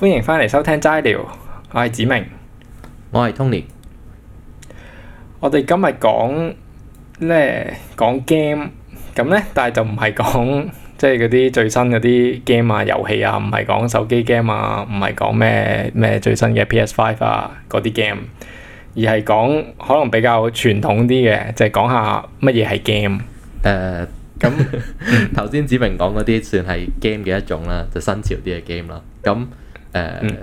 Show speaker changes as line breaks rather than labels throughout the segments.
歡迎翻嚟收聽齋聊，我係梓明，
我係 Tony。
我哋今日講咧講 game，咁咧，但係就唔係講即係嗰啲最新嗰啲 game 啊遊戲啊，唔係講手機 game 啊，唔係講咩咩最新嘅 PS Five 啊嗰啲 game，而係講可能比較傳統啲嘅，就係講下乜嘢係 game。誒，咁頭先梓明講嗰啲算係
game 嘅一種啦，就新潮啲嘅 game 啦，咁。誒，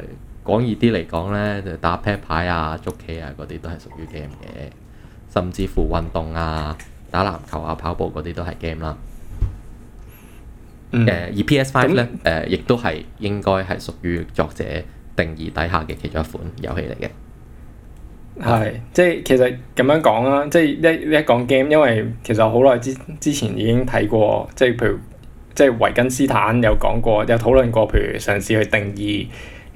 講易啲嚟講咧，就打啤牌啊、捉棋啊嗰啲都係屬於 game 嘅，甚至乎運動啊、打籃球啊、跑步嗰啲都係 game 啦。誒、嗯，uh, 而 PS Five 咧，誒、嗯，亦都係應該係屬於作者定義底下嘅其中一款遊戲嚟嘅。
係，即係其實咁樣講啦，即係一一講 game，因為其實好耐之之前已經睇過，即係譬如。即係維根斯坦有講過，有討論過，譬如嘗試去定義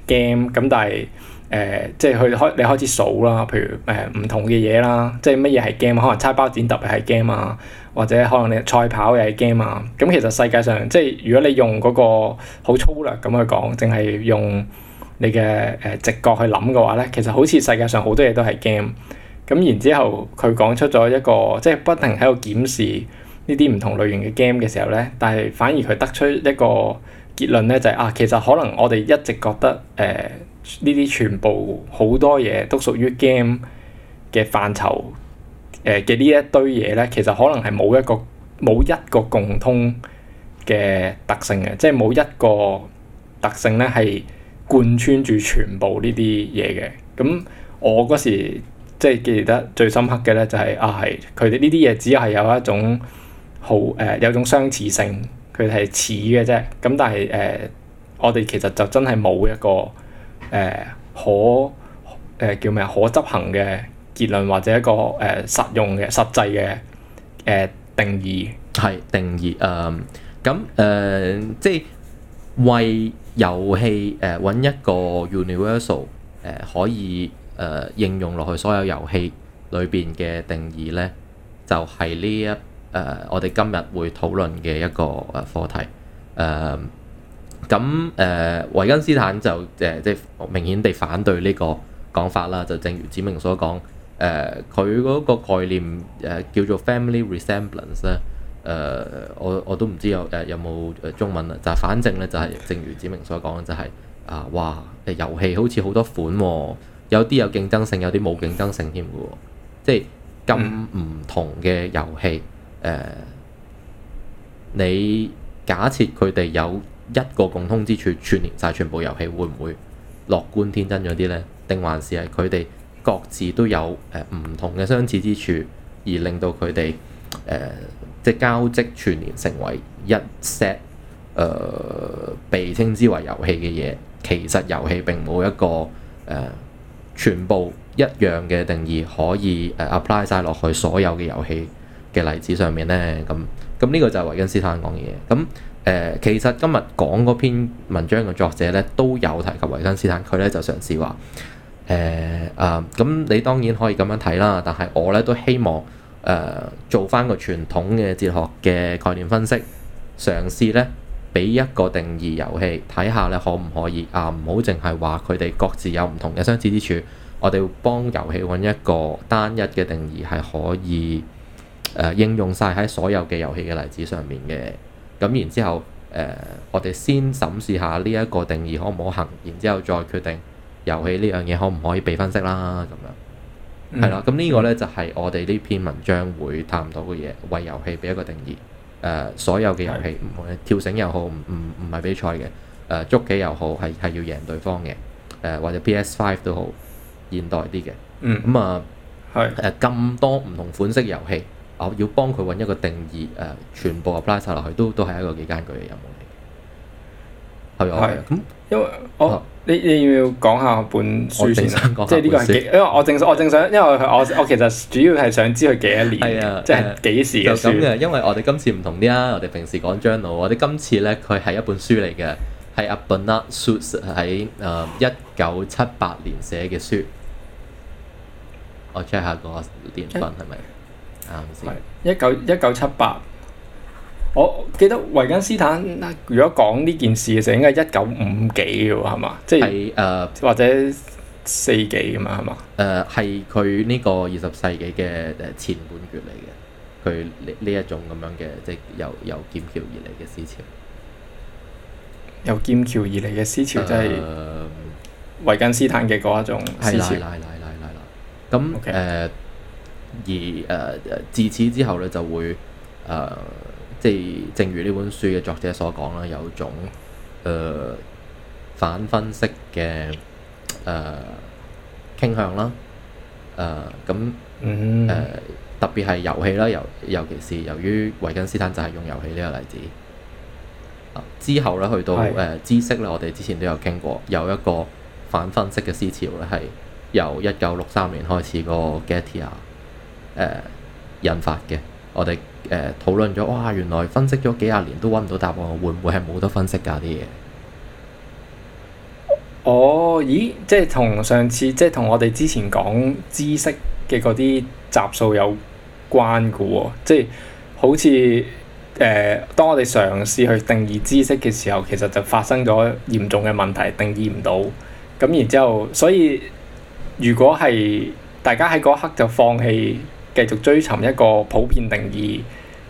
game 咁，但係誒、呃，即係佢開你開始數啦，譬如誒唔、呃、同嘅嘢啦，即係乜嘢係 game？可能猜包剪揼又係 game 啊，或者可能你賽跑又係 game 啊。咁其實世界上即係如果你用嗰個好粗略咁去講，淨係用你嘅誒直覺去諗嘅話咧，其實好似世界上好多嘢都係 game。咁然之後佢講出咗一個，即係不停喺度檢視呢啲唔同類型嘅 game 嘅時候咧，但係反而佢得出一個結論咧，就係、是、啊，其實可能我哋一直覺得誒呢啲全部好多嘢都屬於 game 嘅範疇誒嘅呢一堆嘢咧，其實可能係冇一個冇一個共通嘅特性嘅，即係冇一個特性咧係貫穿住全部呢啲嘢嘅。咁我嗰時即係記得最深刻嘅咧、就是，就係啊係佢哋呢啲嘢只係有一種。好誒、呃，有種相似性，佢係似嘅啫。咁但係誒、呃，我哋其實就真係冇一個誒、呃、可誒、呃、叫咩啊？可執行嘅結論，或者一個誒、呃、實用嘅實際嘅誒、呃、定義
係定義誒。咁、呃、誒、呃，即係為遊戲誒揾、呃、一個 universal 誒、呃、可以誒應用落去所有遊戲裏邊嘅定義咧，就係、是、呢一。誒，uh, 我哋今日會討論嘅一個誒課題，誒、uh, 咁、uh, 誒維根史坦就誒即係明顯地反對呢個講法啦。就正如梓明所講，誒佢嗰個概念誒、uh, 叫做 family resemblance 咧、uh, 誒我我都唔知有誒、uh, 有冇誒中文啦。就係、反正咧，就係、係、正如梓明所講就係、係、啊，uh, 哇誒遊戲好似好多款喎、哦，有啲有競爭性，有啲冇競爭性添嘅喎，即係咁唔同嘅遊戲。嗯。誒，uh, 你假設佢哋有一個共通之處，串聯晒全部遊戲，會唔會樂觀天真咗啲呢？定還是係佢哋各自都有誒唔同嘅相似之處，而令到佢哋誒即係交織串聯成為一 set 誒、uh, 被稱之為遊戲嘅嘢？其實遊戲並冇一個誒、uh, 全部一樣嘅定義，可以誒 apply 晒落去所有嘅遊戲嘅例子上面呢，咁咁呢個就係維根斯坦講嘅嘢。咁誒、呃，其實今日講嗰篇文章嘅作者呢，都有提及維根斯坦，佢呢就嘗試話誒啊。咁、呃呃、你當然可以咁樣睇啦，但係我呢都希望誒、呃、做翻個傳統嘅哲學嘅概念分析，嘗試呢俾一個定義遊戲，睇下呢可唔可以啊？唔好淨係話佢哋各自有唔同嘅相似之處，我哋要幫遊戲揾一個單一嘅定義係可以。誒、啊、應用晒喺所有嘅遊戲嘅例子上面嘅，咁然之後誒、uh, 我哋先審視下呢一個定義可唔可行，然之後再決定遊戲呢樣嘢可唔可以被分析啦，咁樣係啦。咁呢個呢，就係我哋呢篇文章會探討嘅嘢，為遊戲俾一個定義。誒、所有嘅遊戲，跳繩、mm. uh, okay. at uh、又好，唔唔唔係比賽嘅，誒捉棋又好，係係要贏對方嘅，誒或者 PS Five 都好現代啲嘅。嗯。咁啊咁多唔同款式遊戲。我要幫佢揾一個定義，誒，全部 apply 晒落去都都係一個幾艱巨嘅任務嚟嘅。係，係
咁，因為我你你要講下本書先啦，即係呢個因為我正我正想，因為我我其實主要係想知佢幾多年嘅，即係幾時嘅書嘅。
因為我哋今次唔同啲啊，我哋平時講 journal，我哋今次呢，佢係一本書嚟嘅，係 Bernard Suits 喺一九七八年寫嘅書。我 check 下個年份係咪？係
一九一九七八，我記得維根斯坦如果講呢件事嘅時候，應該係一九五幾嘅係嘛？即係誒或者四
幾嘅嘛係嘛？誒係佢呢個二十世紀嘅誒前半段嚟嘅，佢呢一種咁樣嘅，即係由由劍橋而嚟嘅思潮，
由劍橋而嚟嘅思潮就係呃、維根斯坦嘅嗰一種思潮。
咁誒。Okay. 而誒、呃、自此之後咧，就會誒、呃，即係正如呢本書嘅作者所講啦，有種誒、呃、反分析嘅誒、呃、傾向啦。誒咁誒，特別係遊戲啦，尤尤其是由於維根斯坦就係用遊戲呢個例子。之後咧，去到誒是的、呃、知識咧，我哋之前都有傾過，有一個反分析嘅思潮咧，係由一九六三年開始個 Gettier 引、呃、發嘅，我哋誒、呃、討論咗，哇！原來分析咗幾廿年都揾唔到答案，會唔會係冇得分析㗎啲嘢？
哦，咦，即係同上次，即係同我哋之前講知識嘅嗰啲集數有關嘅喎、哦，即係好似誒、呃，當我哋嘗試去定義知識嘅時候，其實就發生咗嚴重嘅問題，定義唔到咁，然之後，所以如果係大家喺嗰刻就放棄繼續追尋一個普遍定義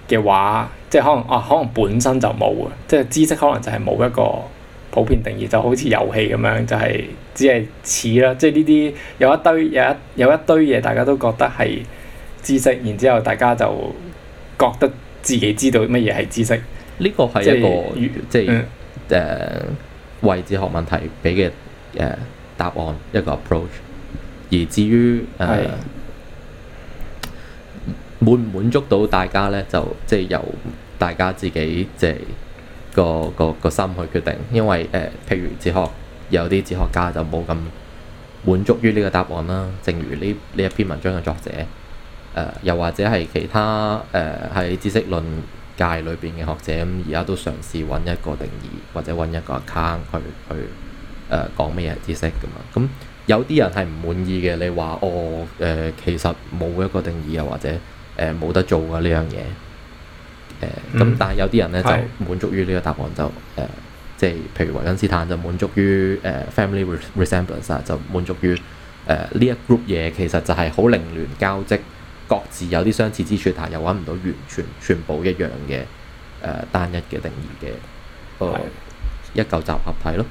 嘅話，即係可能啊，可能本身就冇啊。即係知識可能就係冇一個普遍定義，就好似遊戲咁樣，就係、是、只係似啦。即係呢啲有一堆有一有一堆嘢，大家都覺得係知識，然之後大家就覺得自己知道乜嘢係知識。呢個係一個
即係誒如、uh, 位置學問題俾嘅誒答案一個 approach，而至於誒。Uh, 滿唔滿足到大家呢？就即係、就是、由大家自己即係、就是、個個、個心去決定。因為誒、呃，譬如哲學有啲哲學家就冇咁滿足於呢個答案啦。正如呢呢一篇文章嘅作者、呃，又或者係其他誒喺、呃、知識論界裏邊嘅學者咁，而、呃、家都嘗試揾一個定義或者揾一個 account 去去誒、呃、講咩嘢知識㗎嘛。咁有啲人係唔滿意嘅，你話哦誒、呃，其實冇一個定義又或者～誒冇、呃、得做啊，樣呃、呢樣嘢，誒咁但係有啲人咧就滿足於呢個答案是就誒，即、呃、係譬如維根斯坦就滿足於誒、呃、family resemblance 啊，就滿足於誒呢、呃、一 group 嘢其實就係好凌亂交織，各自有啲相似之處，但係又揾唔到完全全部一樣嘅誒、呃、單一嘅定義嘅，誒是一嚿集合體咯。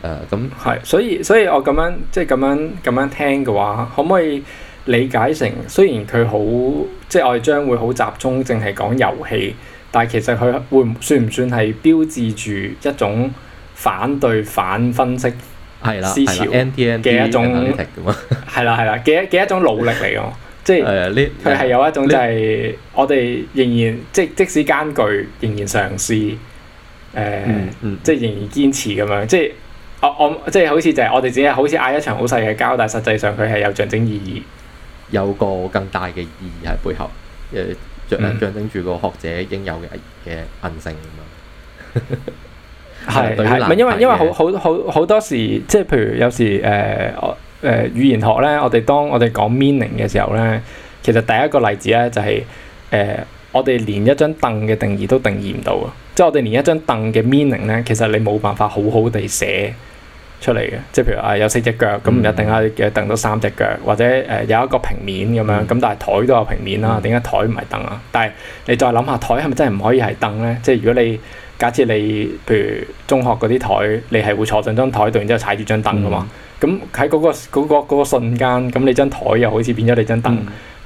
誒咁
係，所以所以我咁樣即係咁樣咁樣聽嘅話，可唔可以？理解成，雖然佢好，即係我哋將會好集中，淨係講遊戲，但係其實佢會算唔算係標誌住一種反對反分析思潮嘅一種，係啦係啦嘅嘅一種努力嚟嘅，
即係佢係
有一種就係我哋仍然 即即使艱巨，仍然嘗試，呃嗯嗯、即係仍然堅持咁樣，即係我我即係好似就係我哋自己好似嗌一場好細嘅交，但係實際上佢係有象徵意義。
有個更大嘅意義喺背後，誒，象象徵住個學者應有嘅嘅韌性㗎嘛。係係、嗯， 因為呢因為，因為好
好好好多時，即係譬如有時誒誒、呃呃、語言學咧，我哋當我哋講 meaning 嘅時候咧，其實第一個例子咧就係、是、誒、呃，我哋連一張凳嘅定義都定義唔到啊！即係我哋連一張凳嘅 meaning 咧，其實你冇辦法好好地寫。出嚟嘅，即係譬如啊，有四隻腳，咁唔、嗯、一定啊，嘅凳到三隻腳，或者誒、呃、有一個平面咁樣，咁但係台都有平面啦，點解台唔係凳啊？但係你再諗下，台係咪真係唔可以係凳咧？即係如果你假設你譬如中學嗰啲台，你係會坐上張台度，然之後踩住張凳噶嘛？咁喺嗰個嗰個嗰個瞬間，咁你張台又好似變咗你張凳，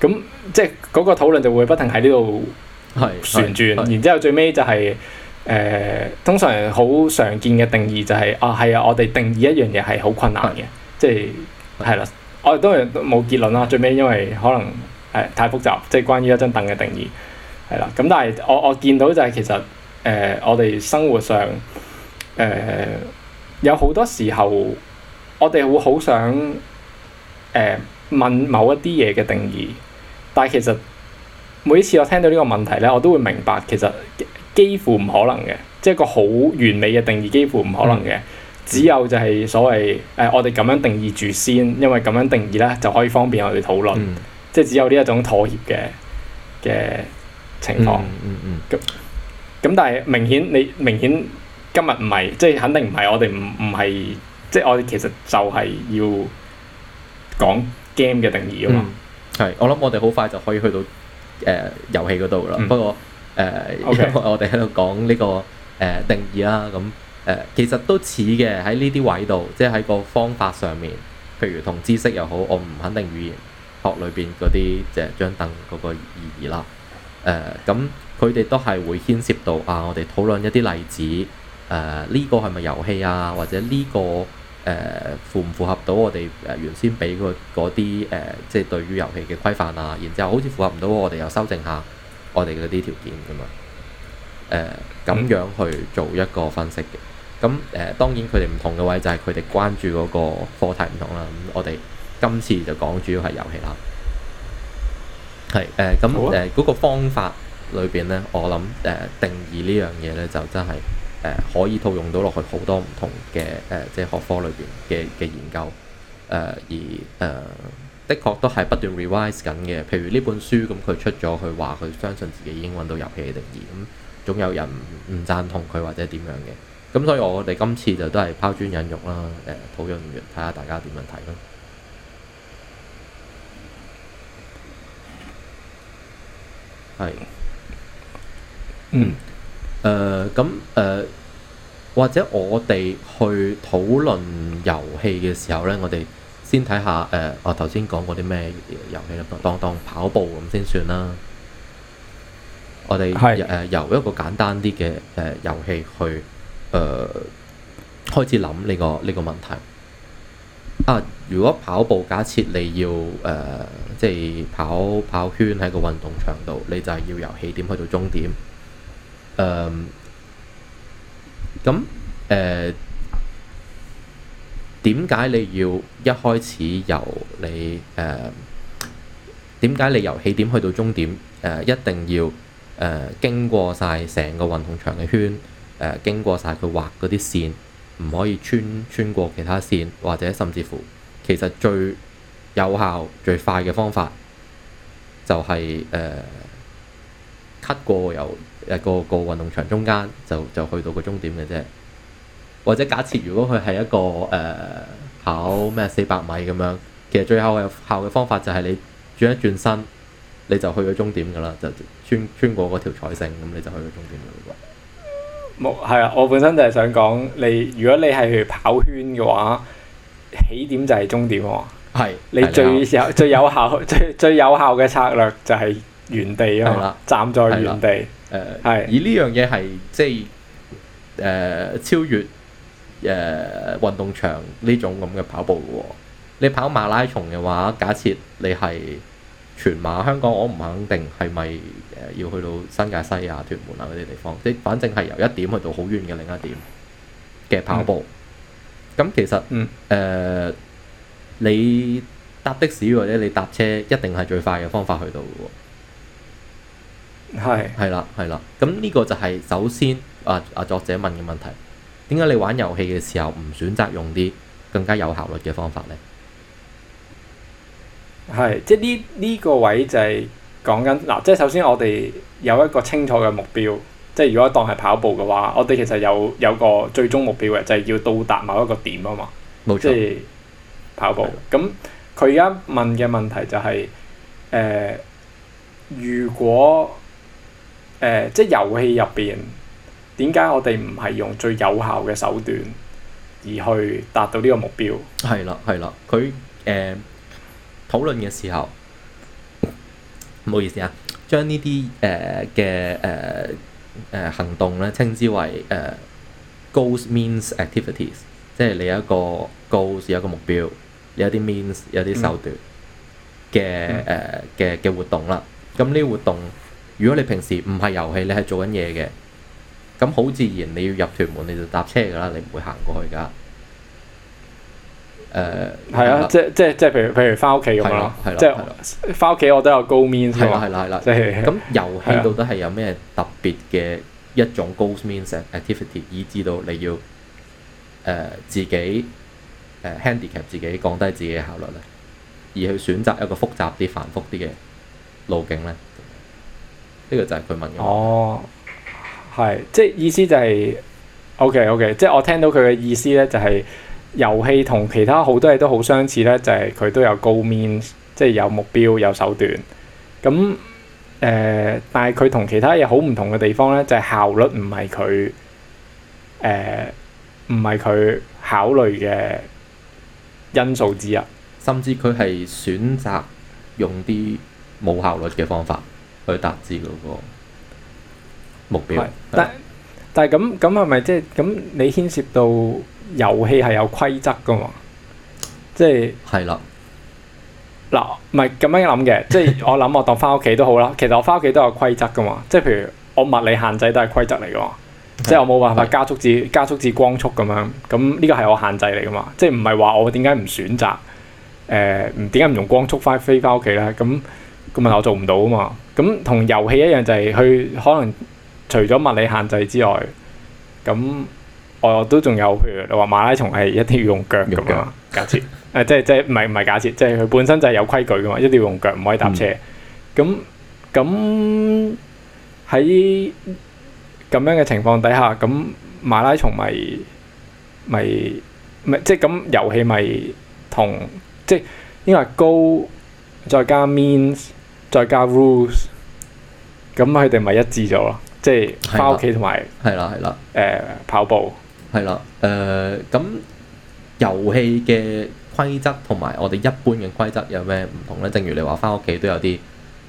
咁、嗯、即係嗰個討論就會不停喺呢度
旋轉，然
之後最尾就係、是。誒、呃、通常好常見嘅定義就係、是、啊係啊，我哋定義一樣嘢係好困難嘅，嗯、即係係啦。我哋當然冇結論啦，最尾因為可能誒、呃、太複雜，即係關於一張凳嘅定義係啦。咁、啊、但係我我見到就係其實誒、呃、我哋生活上誒、呃、有好多時候我哋會好想誒、呃、問某一啲嘢嘅定義，但係其實每一次我聽到呢個問題咧，我都會明白其實。幾乎唔可能嘅，即係一個好完美嘅定義，幾乎唔可能嘅。嗯、只有就係所謂誒、呃，我哋咁樣定義住先，因為咁樣定義咧就可以方便我哋討論。嗯、即係只有呢一種妥協嘅嘅情況。咁咁、嗯，嗯嗯、但係明顯你明顯今日唔係，即係肯定唔係。我哋唔唔係，即係我哋其實就係要講 game 嘅定義啊嘛、嗯。係，我諗我哋好快就可以去到誒遊戲
嗰度啦。呃嗯、不過。誒，呃、Okay. 因為我哋喺度講呢、這個誒、呃、定義啦，咁、呃、誒其實都似嘅喺呢啲位度，即係喺個方法上面，譬如同知識又好，我唔肯定語言學裏邊嗰啲即係張凳嗰個意義啦。誒、呃，咁佢哋都係會牽涉到啊，我哋討論一啲例子。誒、呃，呢、這個係咪遊戲啊？或者呢、這個誒、呃、符唔符合到我哋誒原先俾嗰嗰啲誒，即係對於遊戲嘅規範啊？然之後好似符合唔到，我哋又修正下。我哋嗰啲條件㗎嘛，誒、呃、咁樣去做一個分析嘅，咁誒、呃、當然佢哋唔同嘅位就係佢哋關注嗰個課題唔同啦。咁我哋今次就講主要係遊戲啦，係誒咁誒嗰個方法裏邊咧，我諗誒、呃、定義呢樣嘢咧就真係誒、呃、可以套用到落去好多唔同嘅誒、呃、即係學科裏邊嘅嘅研究誒、呃、而誒。呃的確都係不斷 revise 緊嘅，譬如呢本書咁，佢出咗佢話佢相信自己已經揾到遊戲嘅定義，咁總有人唔贊同佢或者點樣嘅，咁所以我哋今次就都係拋磚引玉啦，誒討論完睇下大家點樣睇咯。係。嗯。誒、呃，咁誒、呃，或者我哋去討論遊戲嘅時候咧，我哋。先睇下誒、呃，我頭先講過啲咩遊戲啦，當當跑步咁先算啦。我哋誒係、呃、由一個簡單啲嘅誒遊戲去誒開始諗呢個呢個問題。啊，如果跑步，假設你要誒、呃，即係跑跑圈喺個運動場度，你就係要由起點去到終點。嗯、呃，咁誒。呃點解你要一開始由你誒？呃、點解你由起點去到終點誒、呃？一定要誒經過晒成個運動場嘅圈誒，經過晒佢畫嗰啲線，唔可以穿穿過其他線，或者甚至乎其實最有效最快嘅方法就係誒 cut 過由個個運動場中間就就去到個終點嘅啫。或者假設如果佢係一個誒、呃、跑咩四百米咁樣，其實最有效嘅方法就係你轉一轉身，你就去咗終點噶啦，就穿穿過嗰條彩繩，咁你就去咗終點嘅喎。
冇係啊！我本身就係想講你，如果你係去跑圈嘅話，起點就係終點喎。係是你最有你好 最有效最 最有效嘅策略就係原地啦，啊、站在原地。誒係、啊。而呢樣嘢係即
係誒超越。誒、uh, 運動場呢種咁嘅跑步嘅喎、哦，你跑馬拉松嘅話，假設你係全馬，香港我唔肯定係咪誒要去到新界西啊、屯門啊嗰啲地方，即反正係由一點去到好遠嘅另一點嘅跑步。咁、嗯、其實誒，嗯 uh, 你搭的士或者你搭車一定係最快嘅方法去到嘅喎、哦。係係啦係啦，咁呢個就係首先啊啊作者問嘅問題。點解你玩遊戲嘅時候唔選擇用啲更加有效率嘅方法咧？
係，即係呢呢個位就係、是、講緊嗱，即係首先我哋有一個清楚嘅目標，即係如果當係跑步嘅話，我哋其實有有個最終目標嘅，就係、是、要到達某一個點啊嘛，沒錯 即係跑步。咁佢而家問嘅問題就係、是，誒、呃，如果誒、呃，即係遊戲入邊。點解我哋唔係用最有效嘅手段，而去達到呢個目標？
係啦，係啦。佢誒、呃、討論嘅時候，唔好意思啊，將呢啲誒嘅誒誒行動咧，稱之為誒、呃、goals means activities，即係你有一個 goals 有一個目標，你有啲 means 有啲手段嘅誒嘅嘅活動啦。咁呢啲活動，如果你平時唔係遊戲，你係做緊嘢嘅。咁好自然，你要入屯門，你就搭車噶啦，
你唔會行過去噶。誒，係啊，
啊即係
即係即係，譬如譬如翻屋企咁啊，係啦、啊，係啦、啊，翻屋企我都有 goal-means 先喎，係啦、啊，係啦、啊，係啦、啊。咁、啊、遊戲到底
係有咩特別嘅一種 goal-means 嘅 activity，以致到你要誒、uh, 自己誒、uh, handicap 自己，降低自己嘅效率咧，而去選擇一個複雜啲、繁複啲嘅路徑咧？呢、
這個就係佢問我。Oh. 係，即係意思就係、是、，OK OK，即係我聽到佢嘅意思咧，就係遊戲同其他好多嘢都好相似咧，就係、是、佢都有 goal、means，即係有目標、有手段。咁誒、呃，但係佢同其他嘢好唔同嘅地方咧，就係、是、效率唔係佢誒，唔係佢考慮嘅因素之一，甚至佢係選擇用啲冇效率嘅方法去達至嗰、那
個。目標的的但
但係咁，咁係咪即係咁？是是就是，你牽涉到遊戲係有規則噶嘛？即係係啦，嗱，唔係咁樣諗嘅，即、就、係、是、我諗我當翻屋企都好啦。 其實我翻屋企都有規則噶嘛，即係譬如我物理限制都係規則嚟噶嘛，的即係我冇辦法加速至的加速至光速咁樣，咁呢個係我限制嚟噶嘛，即係唔係話我點解唔選擇誒？點解唔用光速快飛翻屋企咧？咁個問題我做唔到啊嘛。咁同遊戲一樣就係、是、去、就是、可能。除咗物理限制之外，咁我都仲有，譬如你話馬拉松係一定要用腳噶嘛？假設誒，即係即係唔係唔係假設，即係佢本身就係有規矩噶嘛，一定要用腳，唔可以搭車。咁咁喺咁樣嘅情況底下，咁馬拉松咪咪咪即係咁遊戲咪同即係應該係高再加 means 再加 rules，咁佢哋咪一致咗囉。即係翻屋企同埋，係啦係啦，誒，跑步
係啦。誒，咁遊戲嘅規則同埋我哋一般嘅規則有咩唔同呢？正如你話翻屋企都有啲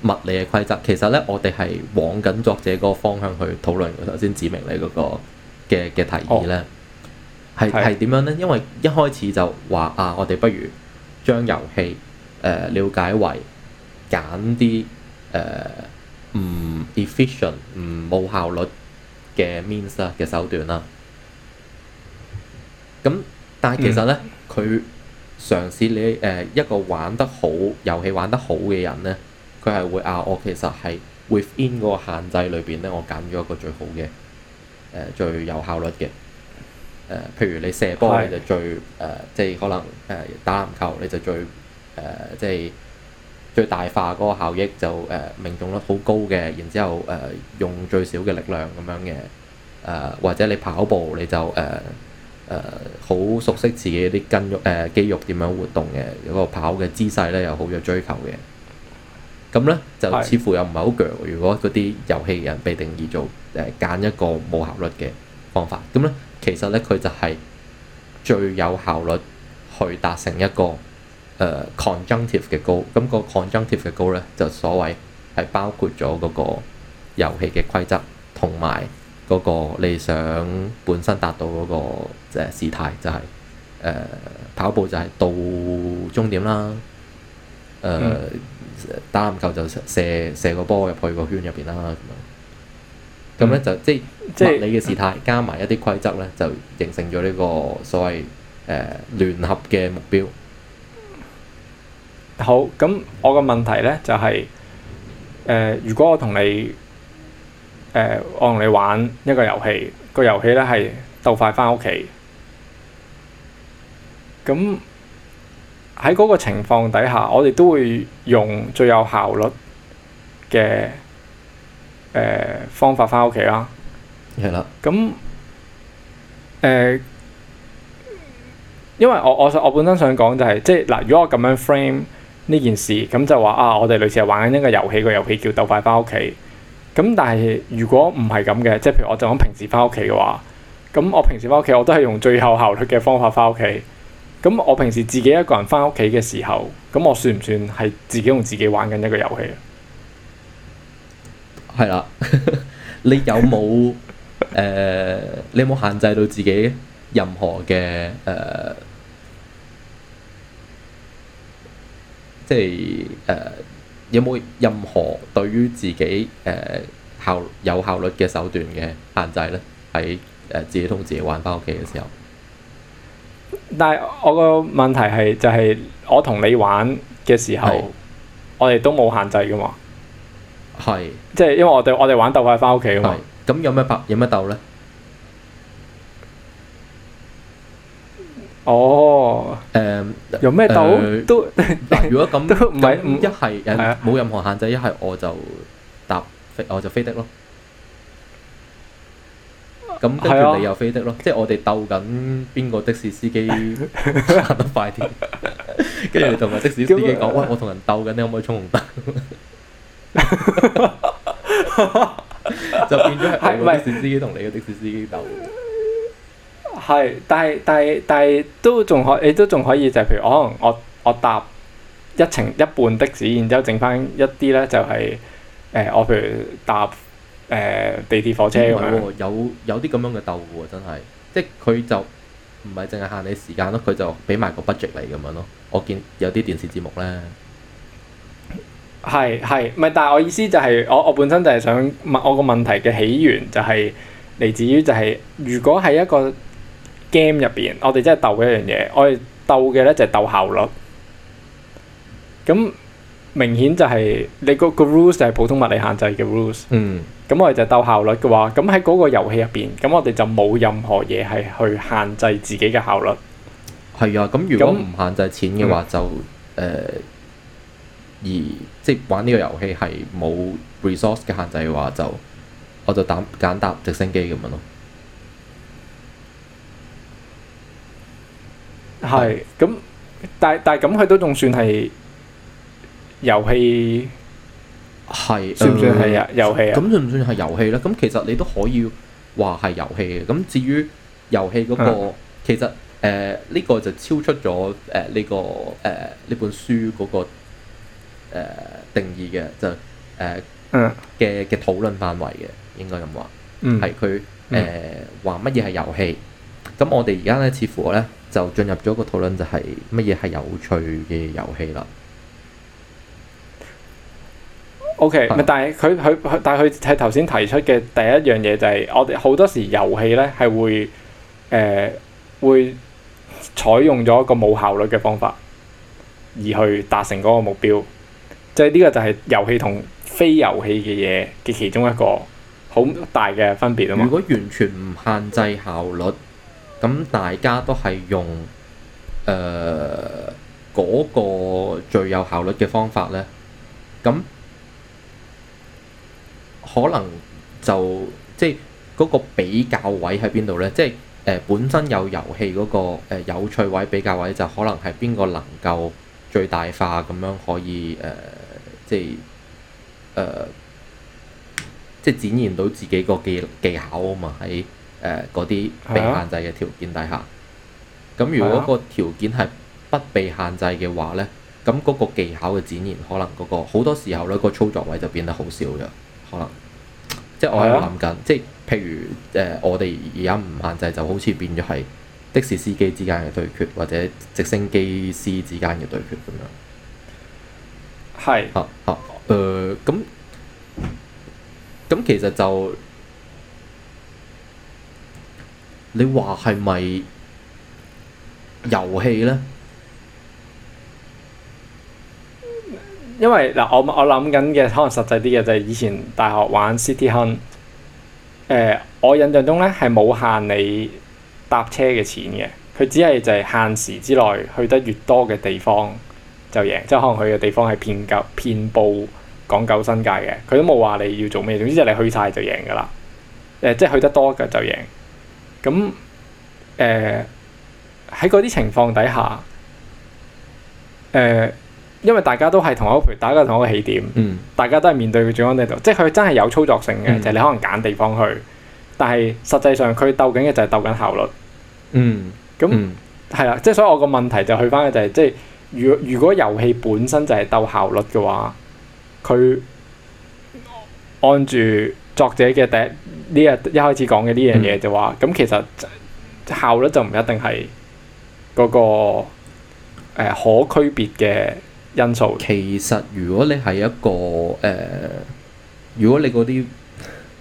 物理嘅規則，其實呢，我哋係往緊作者個方向去討論。頭先指明你嗰個嘅嘅提議呢，係係點樣呢？因為一開始就話啊，我哋不如將遊戲誒瞭、呃、解為揀啲誒。呃唔、嗯、efficient、嗯、唔冇效率嘅 means 啦嘅手段啦。咁但係其實咧，佢、嗯、嘗試你誒、呃、一個玩得好遊戲玩得好嘅人咧，佢係會啊，我其實係 within 嗰個限制裏邊咧，我揀咗一個最好嘅誒、呃、最有效率嘅誒、呃。譬如你射波你就最誒的、呃，即係可能誒、呃、打籃球你就最誒、呃，即係。最大化嗰個效益就誒、呃、命中率好高嘅，然之後誒、呃、用最少嘅力量咁樣嘅誒、呃，或者你跑步你就誒誒好熟悉自己啲筋肉誒、呃、肌肉點樣活動嘅，嗰個跑嘅姿勢咧又好有追求嘅。咁咧就似乎又唔係好強。如果嗰啲遊戲人被定義做誒揀、呃、一個冇效率嘅方法，咁咧其實咧佢就係最有效率去達成一個。誒 conjunctive 嘅 goal，咁個 conjunctive 嘅 goal 咧，就所謂係包括咗嗰個遊戲嘅規則，同埋嗰個你想本身達到嗰個誒事態，就係誒跑步就係到終點啦。誒打籃球就射射個波入去個圈入邊啦。咁咧就即物理嘅事態加埋一啲規則咧，就形成
咗呢個所謂誒聯合嘅目標。好，咁我嘅問題呢就係、是，誒、呃，如果我同你，誒、呃，我同你玩一個遊戲，個遊戲呢係鬥快翻屋企，咁喺嗰個情況底下，我哋都會用最有效率嘅誒、呃、方法翻屋企啦。係啦，咁 誒樂、呃，因為我我我本身想講就係、是，即係嗱、呃，如果我咁樣 frame。呢件事咁就話啊，我哋類似係玩緊一個遊戲，那個遊戲叫鬥快翻屋企。咁但係如果唔係咁嘅，即係譬如我就咁平時翻屋企嘅話，咁我平時翻屋企我都係用最有效率嘅方法翻屋企。咁我平時自己一個人翻屋企嘅時候，咁我算唔算係自己用自己玩緊一個遊戲
啊？係啦，你有冇誒？你有冇限制到自己任何嘅誒？呃即係誒、呃、有冇任何對於自己誒、呃、效有效率嘅手段嘅限制咧？喺誒、呃、自己同自己玩翻屋企嘅時候。
但係我個問題係就係、是、我同你玩嘅時候，是我哋都冇限制㗎嘛。係是，即係因為我哋我哋玩鬥快翻屋企啊嘛。咁有咩白有咩鬥咧？哦，誒，有咩鬥都？
如果咁，唔係，一係冇任何限制，一係我就搭飛，我就飛的咯。咁跟住你又飛的咯，即係我哋鬥緊邊個的士司機行得快啲。跟住你同個的士司機講：喂，我同人鬥緊，你可唔可以衝紅燈？
就變咗係我個的士司機同你個的士司機鬥。係，但係但係但係都仲可，你都仲可以，都可以就係、是、譬如我，可能我我搭一程一半的士，然之後整翻一啲咧就係、是、誒、呃，我譬如搭誒、呃、地鐵火車咁樣。嗯哦、有有啲咁樣嘅鬥喎，真係，即係佢就
唔係淨係限你時，時間咯，佢就俾埋個 budget 嚟咁樣咯。我見有啲電視節目咧，
係係，唔係，但係我意思就係、是，我我本身就係想問我個問題嘅起源、就是，就係嚟自於就係、是、如果係一個。game 入邊，我哋真係鬥一樣嘢。我哋鬥嘅咧就係鬥效率。咁明顯就係你個個 rules 係普通物理限制嘅 rules。嗯。咁我哋就鬥效率嘅話，咁喺嗰個遊戲入邊，咁我哋就冇任何嘢係去限制自己嘅效率。
係啊，咁如果唔限制錢嘅話就，就誒、嗯呃、而即係玩呢個遊戲係冇 resource 嘅限制嘅話就，就我就揀搭直升機咁樣咯。
係，咁但係但係咁，佢都仲算係遊戲，係算唔算係啊？遊戲啊？咁算唔
算係遊戲咧？咁其實你都可以話係遊戲嘅。咁至於遊戲嗰個，啊、其實誒呢、呃這個就超出咗誒呢個誒呢、呃、本書嗰、嗰個誒、呃、定義嘅，就誒嘅嘅討論範圍嘅，應該咁話。嗯，係佢誒話乜嘢係遊戲？呃咁我哋而家咧，似乎咧就進入咗個討論，就係乜嘢係有趣嘅遊戲啦。
OK，Yeah. 但係佢佢但係佢係頭先提出嘅第一樣嘢，就係我哋好多時遊戲咧係會誒、呃、會採用咗一個冇效率嘅方法，而去達成嗰個目標。即係呢個就係遊戲同非遊戲嘅嘢嘅其中一個好大嘅分別啊嘛！如果完全唔限制效率。咁
大家都係用誒嗰、呃，那個最有效率嘅方法咧，咁可能就即係嗰、那個比較位喺邊度咧？即係誒、呃、本身有遊戲嗰個誒、呃、有趣位比較位，就可能係邊個能夠最大化咁樣，可以誒、呃，即係誒、呃、即係展現到自己個技技巧啊嘛喺～誒嗰啲被限制嘅條件底下，咁如果個條件係不被限制嘅話咧，咁嗰個技巧嘅展現，可能嗰、嗰個好多時候咧、嗰個操作位就變得好少㗎，可能。即係我係諗緊，的即係譬如誒、呃，我哋而家唔限制，就好似變咗係的士司機之間嘅對決，或者直升機師之間嘅對決咁樣。係的、啊。啊咁咁、呃、其實就。你話係咪遊戲呢？
因為嗱，我我諗緊嘅可能實際啲嘅就係、是、以前大學玩 City Hunt、呃。誒，我印象中咧係冇限你搭車嘅錢嘅，佢只係就係限時之內去得越多嘅地方就贏，即係可能去嘅地方係遍鳩遍佈港九新界嘅，佢都冇話你要做咩，總之就係你去晒就贏噶啦。誒、呃，即係去得多嘅就贏。咁誒喺嗰啲情況底下，誒、呃、因為大家都係同一個盤打，大家都同一個起點，嗯、大家都係面對住同一個地圖，即係佢真係有操作性嘅，嗯、就係你可能揀地方去，但係實際上佢鬥緊嘅就係鬥緊效率。嗯，咁係啦，即係、嗯、所以我個問題就去返嘅就係，即係如果如果遊戲本身就係鬥效率嘅話，佢按住。作者嘅第一呢一開始講嘅呢樣嘢就話，咁、嗯、其實效率就唔一定係嗰、那個誒、呃、可區別嘅因
素。其實如果你係一個誒、呃、如果你嗰啲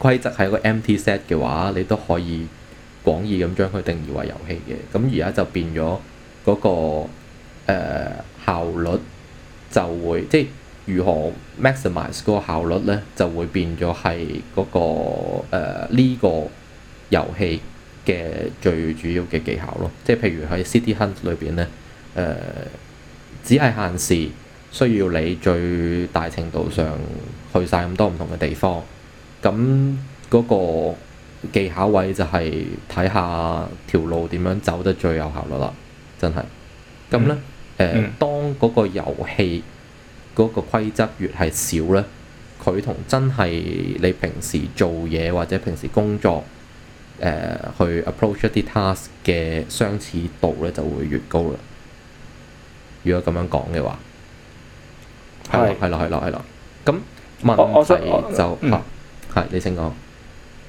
規則係一個 MTSet 嘅話，你都可以廣義咁將佢定義為遊戲嘅。咁而家就變咗嗰、那個誒、呃、效率就會即係如何？maximize 嗰個效率咧，就會變咗係嗰個呢、呃呢個遊戲嘅最主要嘅技巧咯。即係譬如喺 City Hunt 裏邊咧，誒、呃、只係限時，需要你最大程度上去晒咁多唔同嘅地方。咁嗰個技巧位就係睇下條路點樣走得最有效率啦。真係咁咧，誒當嗰個遊戲。嗰個規則越係少咧，佢同真係你平時做嘢或者平時工作誒、呃、去 approach 一啲 task 嘅相似度咧就會越高啦。如果咁樣講嘅話，係係啦係啦係啦。咁、啊啊啊、我我想就問、啊嗯啊，你先講。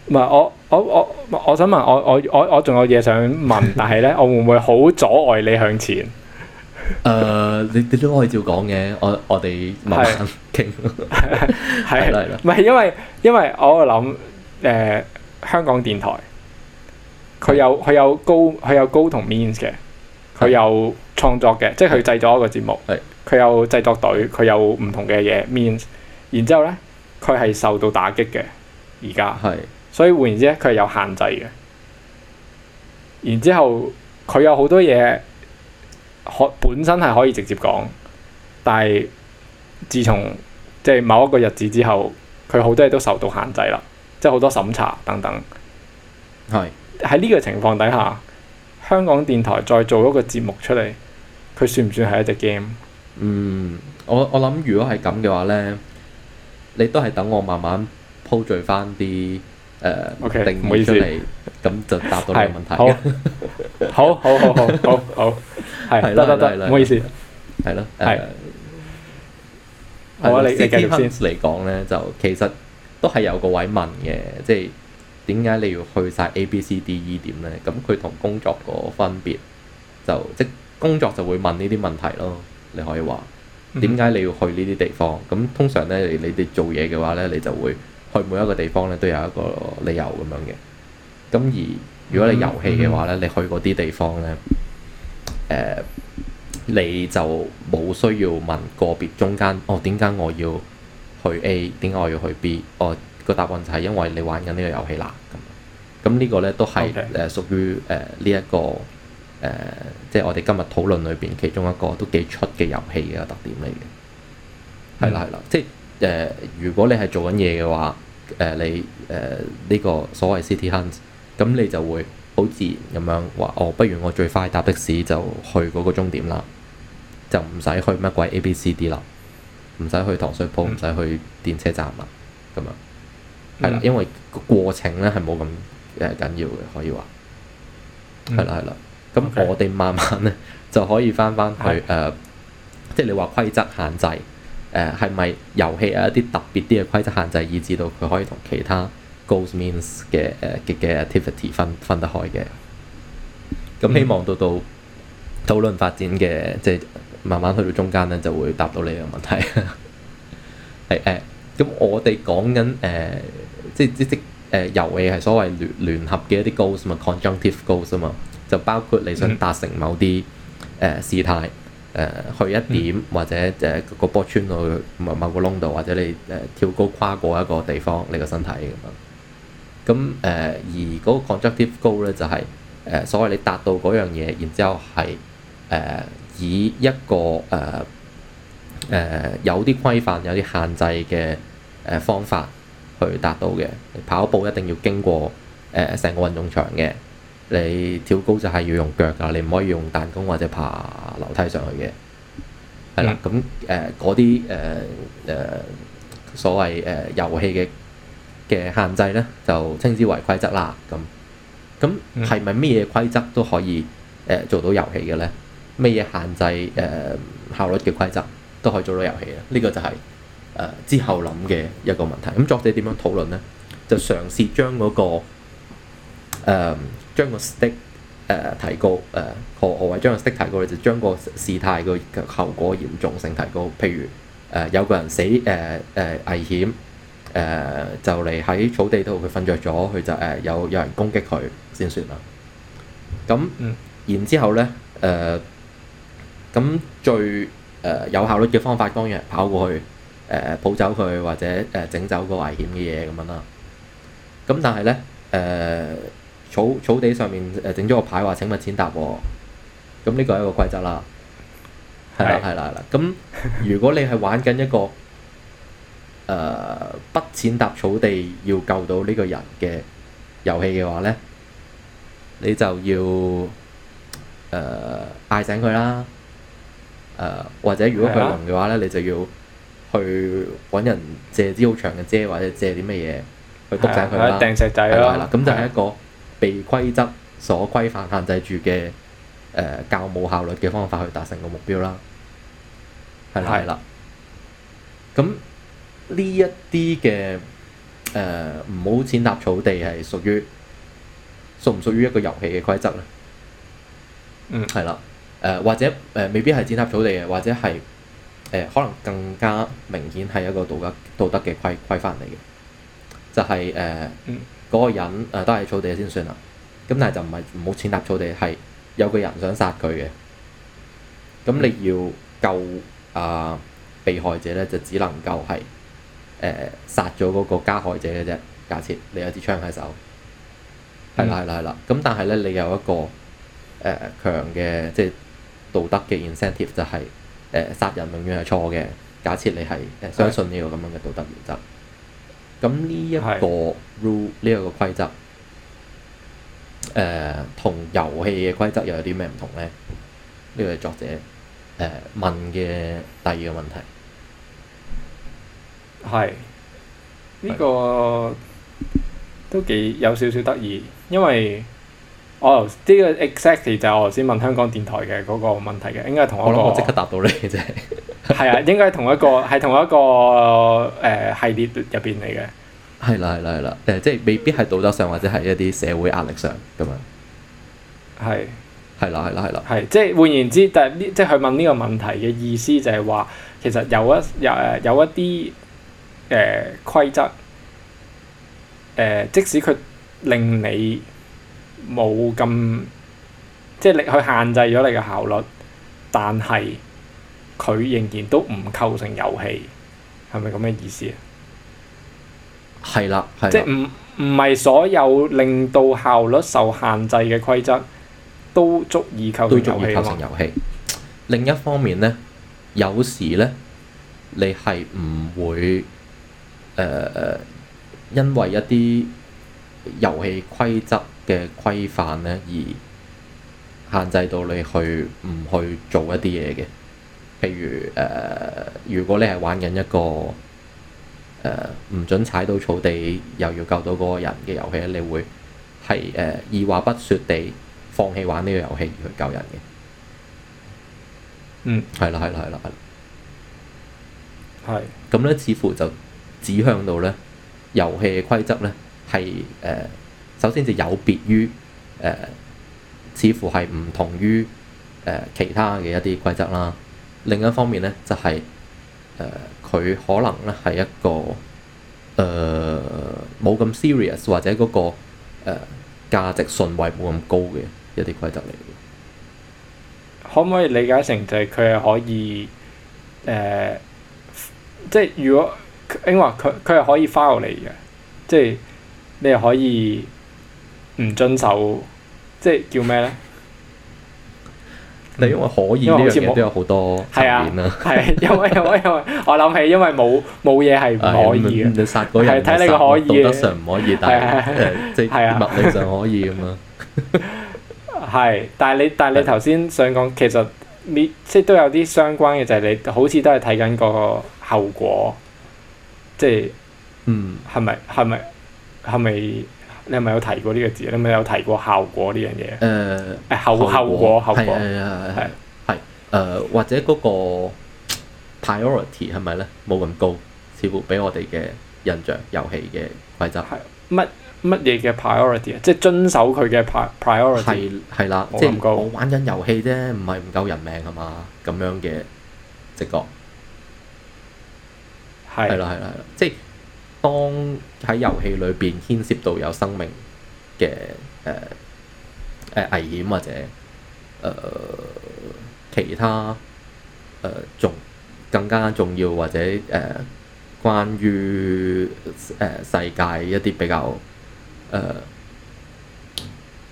唔係，我我我我想問，我我我我仲有嘢想問， 但係咧我會唔會好阻礙你向前？
誒、 呃，你你都可以照講嘅，我
我哋慢慢傾，係係啦，唔係因為因為我諗誒、呃，香港電台佢、嗯、有佢有高佢有高同 means 嘅，佢的有創作嘅，即係佢製作一個節目，佢 Yeah. 有製作隊，佢有唔同嘅嘢 means，然之後咧佢係受到打擊嘅，而家係，的所以換言之咧，佢係有限制嘅，然之後佢有好多嘢。本身係可以直接講，但係自從即係某一個日子之後，佢好多嘢都受到限制啦，即係好多審查等等。
係
喺呢個情況底下，香港電台再做一個節目出嚟，佢算唔算係一隻 game？嗯，我我諗如果係咁嘅話咧，你都係等我慢慢鋪敍翻
啲。誒，OK，唔好意思，你，咁就答到你問題。好，好好好好好好，係得得得，唔好意思，
係咯。係，我哋嘅繼續
嚟講咧，就其實都係有個位問嘅，即係點解你要去晒 A、B、C、D、E 點咧？咁佢同工作個分別就即工作就會問呢啲問題咯。你可以話點解你要去呢啲地方？咁通常咧，你哋做嘢嘅話咧，你就會。去每一個地方咧，都有一個理由咁樣嘅。咁而如果你遊戲嘅話咧、嗯嗯呃，你去嗰啲地方咧，誒你就冇需要問個別中間哦，點解我要去 A？點解我要去 B？哦，個答案就係因為你玩緊、這個、呢個遊戲啦。咁咁呢個咧都係誒屬於誒呢一個誒、呃，即係我哋今日討論裏邊其中一個都幾出嘅遊戲嘅特點嚟嘅。係啦、嗯，係啦，即係誒，如果你係做緊嘢嘅話。誒、呃、你誒呢、呃這個所謂 city hunt，咁你就會好自然咁樣話，哦，不如我最快搭的士就去嗰個終點啦，就唔使去乜鬼 A、B、C、D 啦，唔使去糖水鋪，唔使、嗯、去電車站啦，咁樣係啦，嗯、因為個過程咧係冇咁誒緊要嘅，可以話係啦係啦。咁、嗯、我哋慢慢咧就可以翻翻去誒、嗯呃，即係你話規則限制。誒係咪遊戲有一啲特別啲嘅規則限制，以致到佢可以同其他 goals, means 嘅嘅嘅 activity 分分得開嘅？咁希望到到討論發展嘅，即係慢慢去到中間咧，就會答到呢個問題。咁、 uh, 我哋講緊誒，即即即誒遊戲係所謂聯聯合嘅一啲 goals 嘛，conjunctive goals 嘛、mm，hmm. goals, 就包括你想達成某啲誒、uh, 事態。誒、uh, 去一點，嗯、或者誒、啊那個波穿到某某個窿度，或者你誒、啊、跳高跨過一個地方，你個身體咁樣。咁誒、啊、而嗰個 contractive goal 咧就係、是、誒、啊、所謂你達到嗰樣嘢，然之後係誒、啊、以一個誒誒、啊啊、有啲規範、有啲限制嘅誒、啊、方法去達到嘅。跑步一定要經過誒成、啊、個運動場嘅。你跳高就係要用腳噶，你唔可以用彈弓或者爬樓梯上去嘅，係啦。咁誒嗰啲誒誒所謂誒、呃、遊戲嘅嘅限制咧，就稱之為規則啦。咁咁係咪咩嘢規則都可以誒、呃、做到遊戲嘅咧？咩嘢限制誒、呃、效率嘅規則都可以做到遊戲咧？呢、這個就係、是、誒、呃、之後諗嘅一個問題。咁作者點樣討論咧？就嘗試將嗰、那個、呃將個 stick 誒、呃、提高誒、呃，何何謂將個 stick 提高咧？就將個事態個個後果嚴重性提高。譬如誒、呃、有個人死誒誒、呃呃、危險誒、呃，就嚟喺草地度佢瞓着咗，佢就誒、呃、有有人攻擊佢先算啦。咁然之後咧誒咁最誒、呃、有效率嘅方法，當然係跑過去誒抱、呃、走佢，或者誒整、呃、走個危險嘅嘢咁樣啦。咁但係咧誒。草草地上面誒整咗個牌話請勿踐踏喎，咁呢個係一個規則啦，係啦係啦係啦。咁如果你係玩緊一個誒、呃、不踐踏草地要救到呢個人嘅遊戲嘅話咧，你就要誒嗌、呃、醒佢啦，誒、呃、或者如果佢聾嘅話咧 Yes.，你就要去揾人借支好長嘅遮或者借啲咩嘢去督醒佢啦。掟石 Yes. Yes. 仔咯，係啦，咁就係一個。被規則所規範限制住嘅誒，較、呃、無效率嘅方法去達成個目標啦，係、啊、啦，係、啊、啦。咁呢、啊、一啲嘅誒，唔好踐踏草地係屬於屬唔屬於一個遊戲嘅規則咧？嗯，係啦，誒、呃、或者誒、呃、未必係踐踏草地嘅，或者係誒、呃、可能更加明顯係一個道德道德嘅規規範嚟嘅，就係、是、誒。呃嗯嗰個人誒、呃、都係草地先算啦，咁但係就唔係唔好踐踏草地，係有個人想殺佢嘅，咁你要救啊被、呃、害者咧，就只能夠係誒殺咗嗰個加害者嘅啫。假設你有支槍喺手，係啦係啦係啦，咁但係咧你有一個誒、呃、強嘅即係道德嘅 incentive 就係、是、誒、呃、殺人永遠係錯嘅。假設你係誒、呃、相信呢個咁樣嘅道德原則。咁呢一個 rule，呢一個規則，誒同遊戲嘅規則又有啲咩唔同咧？呢個係作者誒問嘅第二個問題，
係呢個都幾有少少得意，因為。哦，呢個 exactly 就係我頭先問香港電台嘅嗰個問題嘅，應該係同一個。我諗我即刻答到你嘅啫。係 啊，應該係同一個，係同一個誒、呃、系列入邊嚟嘅。
係啦，係啦，係啦，誒、呃，即係未必係道德上，或者係一啲社會壓力上咁樣。
係是。係啦，係啦，係啦。係即係換言之，但係呢，即係佢問呢個問題嘅意思就係話，其實有一有誒有一啲誒、呃、規則，誒、呃、即使佢令你。冇咁即係你去限制咗你嘅效率，但係佢仍然都唔構成遊戲，係咪咁嘅意思啊？係啦，係即係唔唔係所有令到效率受限制嘅規則都足以構成遊戲。
另一方面咧，有時咧你係唔會，誒、呃，因為一啲遊戲規則。嘅規範咧，而限制到你去唔去做一啲嘢嘅，譬如誒、呃，如果你係玩緊一個誒唔、呃、准踩到草地，又要救到嗰個人嘅遊戲咧，你會係誒二話不說地放棄玩呢個遊戲而去救人嘅。嗯，係啦，係啦，係啦，係。係。咁咧的，似乎就指向到咧遊戲嘅規則咧係誒。首先就有別於誒、呃，似乎係唔同於誒、呃、其他嘅一啲規則啦。另一方面咧，就係誒佢可能咧係一個誒冇咁 serious 或者嗰、嗰個誒、呃、價值順位冇咁高嘅一啲規則嚟嘅。
可唔可以理解成就係佢係可以誒？即係如果因為佢佢係可以 file 你嘅，即係你係可以。呃唔遵守，即係叫咩咧？
你、嗯、因為可以呢樣嘢都有多好多層、嗯、啊，啦、啊。係、啊、因為
因為因為，我諗起因為冇冇嘢係唔可以嘅。
殺嗰人睇、哎呀啊、你個可以嘅，道德上唔可以，但
係即是啊、嗯、啊，啊物理上可以咁、嗯、啊。係，但係你但係你頭先想講，其實你即係都有啲相關嘅，就係、是、你好似都係睇緊個後果。即、就、係、是，嗯，係咪？係咪？係咪？是你係咪有提過呢個字？你係咪有提過效果呢樣嘢？誒、
呃哎，後效果，效果係係係誒，或者嗰個 priority 係咪咧？冇咁高，似乎俾我哋嘅印象，遊戲嘅規則係
乜乜嘢嘅 priority 啊？即係、啊、遵守佢嘅 priority 係
係啦，即係、啊啊、我玩緊遊戲啫，唔係唔夠人命係嘛？咁樣嘅直覺係係啦係啦係啦，即係。s 當喺遊戲裏邊牽涉到有生命嘅誒、呃呃、危險或者誒、呃、其他誒重、呃、更、更加重要或者誒、呃、關於誒、呃、世界一啲比較誒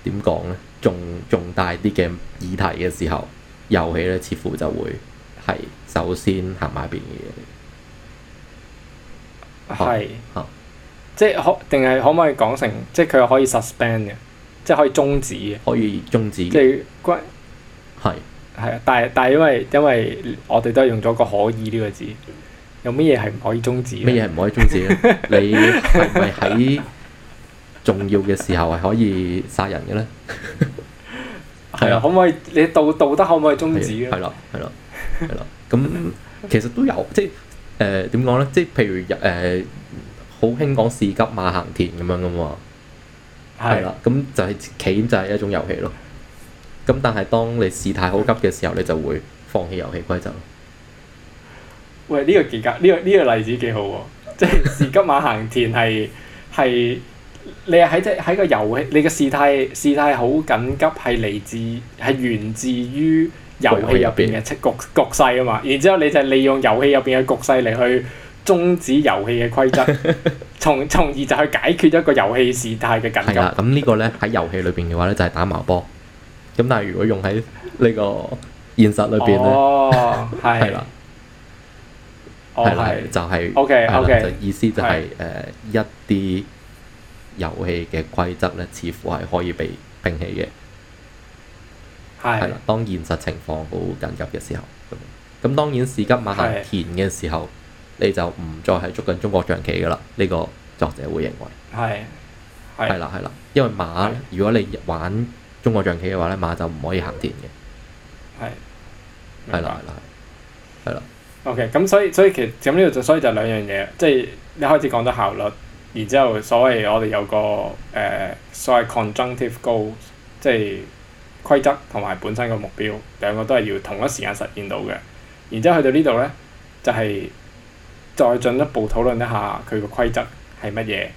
點講咧重重大啲嘅議題嘅時候，遊戲咧似乎就會係首先行埋一邊嘅嘢。係，
即係可，定係可唔可以講成，即係佢可以 suspend 嘅，即係可以終止嘅，可以終止即係關係係啊，但係但係因為因為我哋都係用咗個可以呢個字，有乜嘢係唔可以終止嘅？乜嘢係唔
可以終止咧？ 你係咪喺重要嘅時候係可以殺人嘅咧？
係 啊的，可唔可以？你道道德可唔可以終止嘅？係啦
的，係啦，係啦。咁其實都有即係。誒，點講咧？即係譬如，誒、呃，好興講士急馬行田咁樣噶嘛？係啦是的，咁就係、是、棋就係一種遊戲咯。咁但係當你事態好急嘅時候，你就會放棄遊戲規則。
喂，呢、呢個幾格？呢、呢個呢、呢個例子幾好喎！即係士急馬行田係係， 你係喺即喺個遊戲，你嘅事態事態好緊急，係嚟自係源自於遊戲入邊嘅局局勢啊嘛，然之後你就利用遊戲入邊嘅局勢嚟去終止遊戲嘅規則， 從從而就去解決一個遊戲事態嘅緊張。係啦、 啊，咁、
這個、呢個咧喺遊戲裏邊嘅話咧就係打麻波，咁但係如果用喺呢個現實裏邊
咧，係啦，係啦，就係、是、，OK OK，、呃、就
意思就係誒一啲遊戲嘅規則咧，似乎係可以被摒棄嘅。係啦，當現實情況好緊急嘅時候，咁，咁當然士急馬行田嘅時候，你就唔再係捉緊中國象棋噶啦。呢個作者會認為係，係啦，係啦，因為馬如果你玩中國象棋嘅話咧，馬就唔可以行田
嘅，
係，係啦，係啦，係啦。
OK，咁所以所以其實咁呢度就所以就兩樣嘢，即係一開始講咗效率，然之後所謂我哋有個誒所謂 conjunctive goals，即係。規則同埋本身個目標兩個都係要同一時間實現到嘅，然之後去到呢度呢，就係、是、再進一步討論一下佢個規則係乜嘢，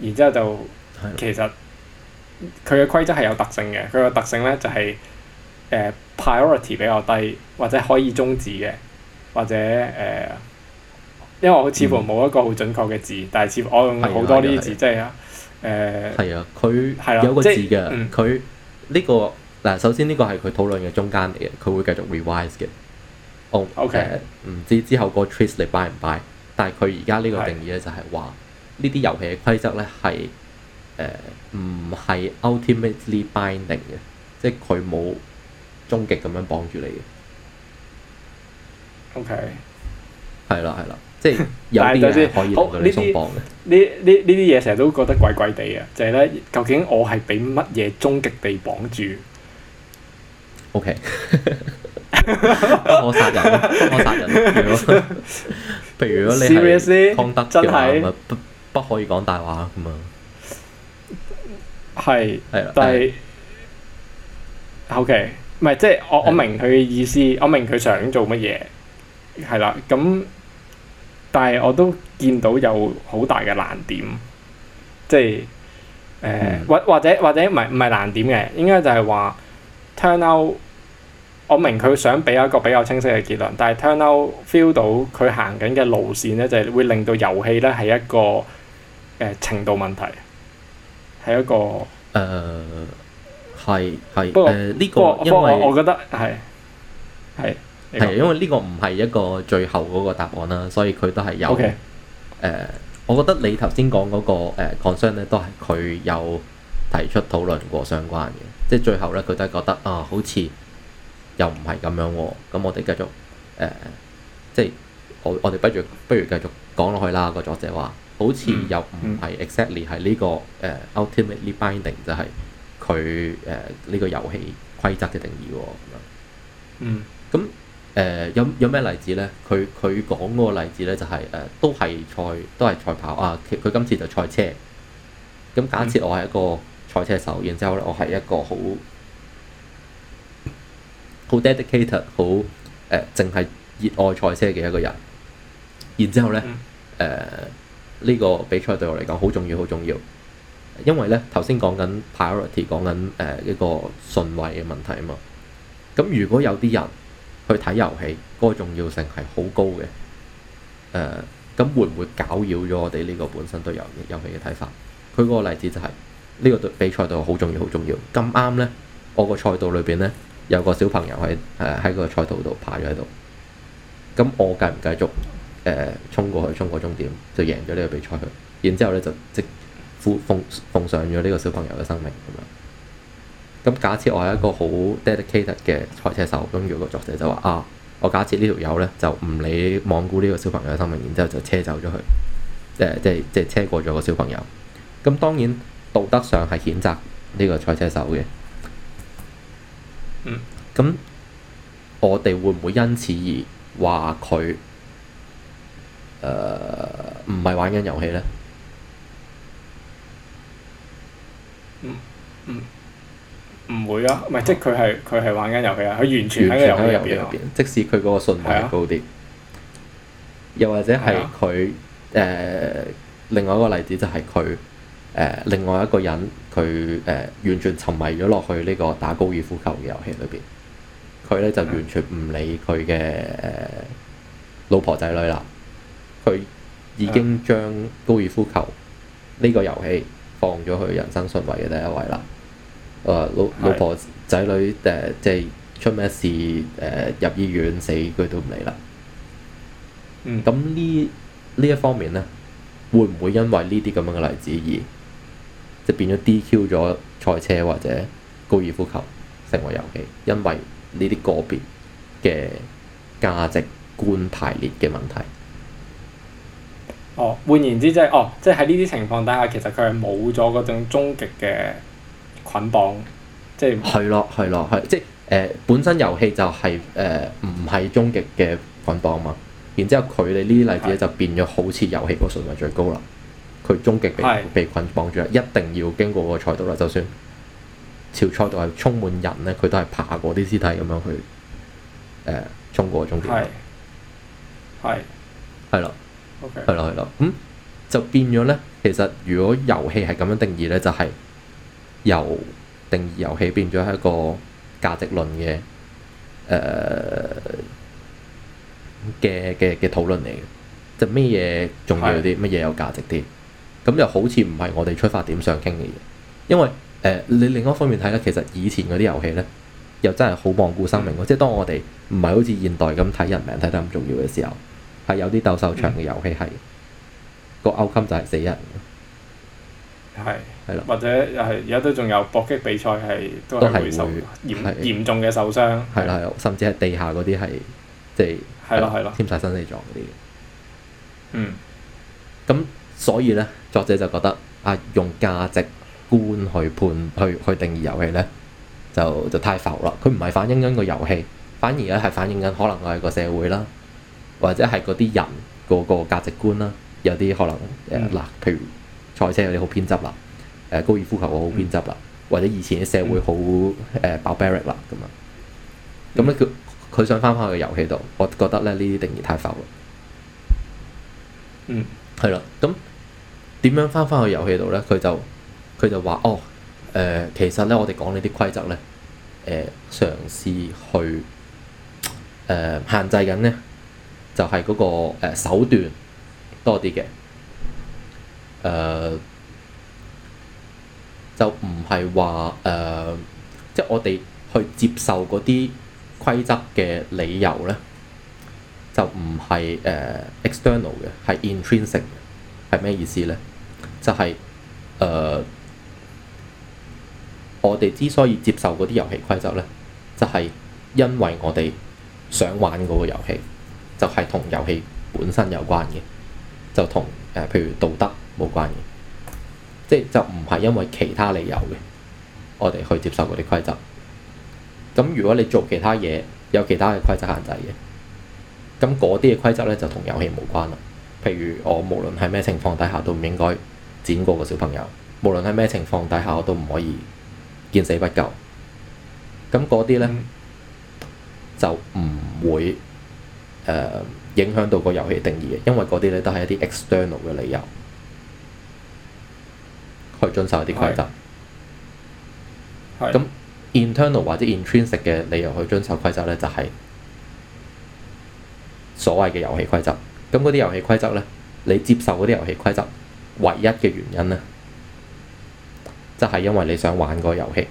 然之後就其實佢嘅規則係有特性嘅，佢個特性呢，就係、是呃、priority 比較低，或者可以中止嘅，或者誒、呃、因為我似乎冇一個好準確嘅字，嗯、但係似乎我用好多呢啲字，即係啊誒係啊，
佢係啦，有個字嘅，佢呢、嗯呢個。嗱，首先呢個係佢討論嘅中間嚟嘅，佢會繼續 revise 嘅。Oh, OK，唔、呃、知之後個 t r i c e 你 buy 唔 buy？Y，但係佢而家呢個定義咧就係話呢啲遊戲嘅規則咧係誒、呃、唔係 ultimately binding 嘅，即係佢冇終極咁樣綁住你嘅。
OK，
係啦係啦，即係有啲嘢可以同你鬆綁
嘅。呢呢呢啲嘢成日都覺得怪怪地啊，就係、是、咧究竟我係俾乜嘢終極地綁住？
O Okay . K， 不可殺人， 不可殺人。譬 如，譬如如果你係康德嘅話，唔不 Seriously? 不可以講大話噶嘛。
係，但係 O K，唔係即係我、哎、我明佢嘅意思，我明佢想做乜嘢，係啦。咁但係我都見到有好大嘅難點，即係誒、呃嗯，或者或者或者唔係唔係難點嘅，應該就係話。Turnout，我明佢想俾一個比較清晰嘅結論，但係 Turnout feel 到佢行緊嘅路線咧，就係、是、會令到遊戲咧係一個、呃、程度問題，係一個
誒係係不過呢個因為我覺得係係係因為呢個唔係一個最後嗰個答案啦，所以佢都係有誒 Okay.、呃。我覺得你頭先講嗰個誒 concern 咧，都係佢有提出討論過相關嘅。即係最後咧，佢都係覺得啊，好似又唔係咁樣喎、啊。咁我哋繼續誒、呃，即係我我哋不如不如繼續講落去啦。個作者話，好似又唔係 exactly 係呢、這個誒、呃、ultimately binding 就係佢誒呢個遊戲規則嘅定義喎、啊。咁樣咁誒、嗯呃、有有咩例子咧？佢佢講嗰個例子咧就係、是、誒、呃、都係賽都係賽跑啊！佢今次就賽車。咁假設我係一個，嗯賽車手，然之後咧，我係一個好好 dedicated，好誒，淨、呃、係熱愛賽車嘅一個人。然之後咧，誒呢、嗯呃呢個比賽對我嚟講好重要，好重要。因為咧頭先講緊 priority，講緊誒呢個順位嘅問題啊嘛。咁如果有啲人去睇遊戲，嗰、那個重要性係好高嘅。誒、呃，咁會唔會攪擾咗我哋呢個本身對遊戲遊戲嘅睇法？舉個例子就係、是。呢個對比賽度好重要，好重要。咁啱呢，我個賽道裏邊呢，有個小朋友喺誒喺個賽道度爬咗喺度。咁我繼唔繼續誒、呃、衝過去衝過終點，就贏咗呢個比賽佢。然之後呢就即奉奉上咗呢個小朋友嘅生命咁樣。咁假設我係一個好 dedicated 嘅賽車手，咁如果個作者就話啊，我假設呢條友呢，就唔理罔顧呢個小朋友嘅生命，然之後就車走咗佢、呃，即即即車過咗個小朋友。咁當然。道德上係譴責呢個賽車手嘅。嗯，咁我哋會唔會因此而話佢誒唔係玩緊遊戲咧？
唔唔、嗯嗯、唔會啊！唔係即係佢係佢係玩緊遊戲啊！佢完全喺個遊戲入邊，
啊、即使佢嗰個信號係高啲，啊、又或者係佢誒另外一個例子就係佢。誒、呃、另外一個人，佢誒、呃、完全沉迷咗落去呢個打高爾夫球嘅遊戲裏邊，佢咧就完全唔理佢嘅老婆仔女啦。佢已經將高爾夫球呢個遊戲放咗去人生順位嘅第一位啦。誒、呃、老老婆仔女誒、呃、即係出咩事誒、呃、入醫院死佢都唔理啦。嗯，咁呢呢一方面咧，會唔會因為呢啲咁樣嘅例子而？即係變咗 DQ 咗賽車或者高爾夫球成為遊戲，因為呢啲個別嘅價值觀排列嘅問題。
哦，換言之即係，哦，即係喺呢啲情況底下，其實佢係冇咗嗰種終極嘅捆綁，即係
係咯係咯係，即係誒、呃、本身遊戲就係誒唔係終極嘅捆綁嘛。然之後佢哋呢啲例子咧就變咗好似遊戲嗰個水平最高啦。佢終極被被捆住啦，的一定要經過個賽道啦。就算條賽道係充滿人咧，佢都係爬過啲屍體咁樣去誒衝、呃、過終極。係係係啦。的 OK，係啦係啦。咁、嗯、就變咗咧。其實如果遊戲係咁樣定義咧，就係、是、由定義遊戲變咗係一個價值論嘅誒嘅嘅嘅討論嚟嘅。就咩嘢重要啲？咩嘢的有價值啲？咁又好似唔係我哋出發點想傾嘅嘢，因為誒、呃、你另一方面睇咧，其實以前嗰啲遊戲咧，又真係好罔顧生命咯。嗯、即係當我哋唔係好似現代咁睇人命睇得咁重要嘅時候，係有啲鬥獸場嘅遊戲係、嗯、個 outcome 就係死人，
係係啦，的或者又係而家都仲有搏擊比賽係都係會受嚴重嘅受傷，係
啦係甚至係地下嗰啲係即係係咯係咯，添晒生死狀嗰啲嘢，嗯，
咁。
所以咧，作者就覺得啊，用價值觀去判、去去定義遊戲咧，就就太浮啦。佢唔係反映緊個遊戲，反而咧係反映緊可能我哋個社會啦，或者係嗰啲人個個價值觀啦，有啲可能誒嗱、嗯呃，譬如賽車有啲好偏執啦，誒、啊、高爾夫球好偏執啦，嗯、或者以前嘅社會好誒 barbaric 啦咁啊。咁咧佢佢想翻返去遊戲度，我覺得咧呢啲定義太浮啦。嗯，係、嗯、
啦，
咁、嗯。嗯。點樣返返去遊戲度咧？佢就佢就話：哦，誒、呃，其實咧，我哋講呢啲規則咧，誒、呃，嘗試去誒、呃、限制緊咧，就係、是、嗰、那個誒、呃、手段多啲嘅，誒、呃，就唔係話誒，即、呃、係、就是、我哋去接受嗰啲規則嘅理由咧，就唔係誒 external 嘅，係 intrinsic 嘅，係咩意思咧？就係誒，我哋之所以接受嗰啲遊戲規則咧，就係因為我哋想玩嗰個遊戲，就係同遊戲本身有關嘅，就同誒譬如道德冇關嘅，即係就唔係因為其他理由嘅，我哋去接受嗰啲規則。咁如果你做其他嘢有其他嘅規則限制嘅，咁嗰啲嘅規則咧就同遊戲冇關啦。譬如我無論喺咩情況底下都唔應該。剪過個小朋友，無論喺咩情況底下，我都唔可以見死不救。咁嗰啲呢，嗯、就唔會誒、呃、影響到個遊戲定義嘅，因為嗰啲咧都係一啲 external 嘅理由去遵守一啲規則。咁的 internal 的或者 intrinsic 嘅理由去遵守規則呢，就係、係、所謂嘅遊戲規則。咁嗰啲遊戲規則呢，你接受嗰啲遊戲規則。唯一嘅原因呢，就係、是、因為你想玩個遊戲。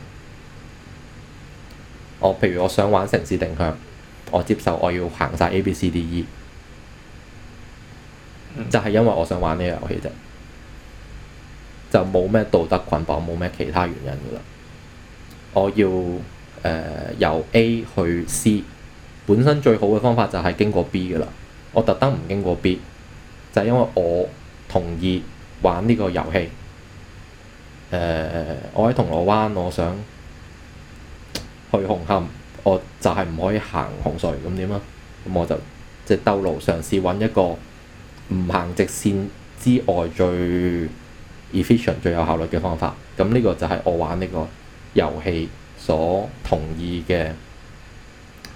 我譬如我想玩城市定向，我接受我要行晒 A、B、C、D、E，就係因為我想玩呢個遊戲啫。就冇咩道德捆綁，冇咩其他原因噶啦。我要誒、呃、由 A 去 C，本身最好嘅方法就係經過 B 噶啦。我特登唔經過 B，就係因為我同意。玩呢個遊戲，誒、呃，我喺銅鑼灣，我想去紅磡，我就係唔可以行紅隧。咁點啊？咁我就即係兜路，嘗試揾一個唔行直線之外最 efficient、最有效率嘅方法。咁呢個就係我玩呢個遊戲所同意嘅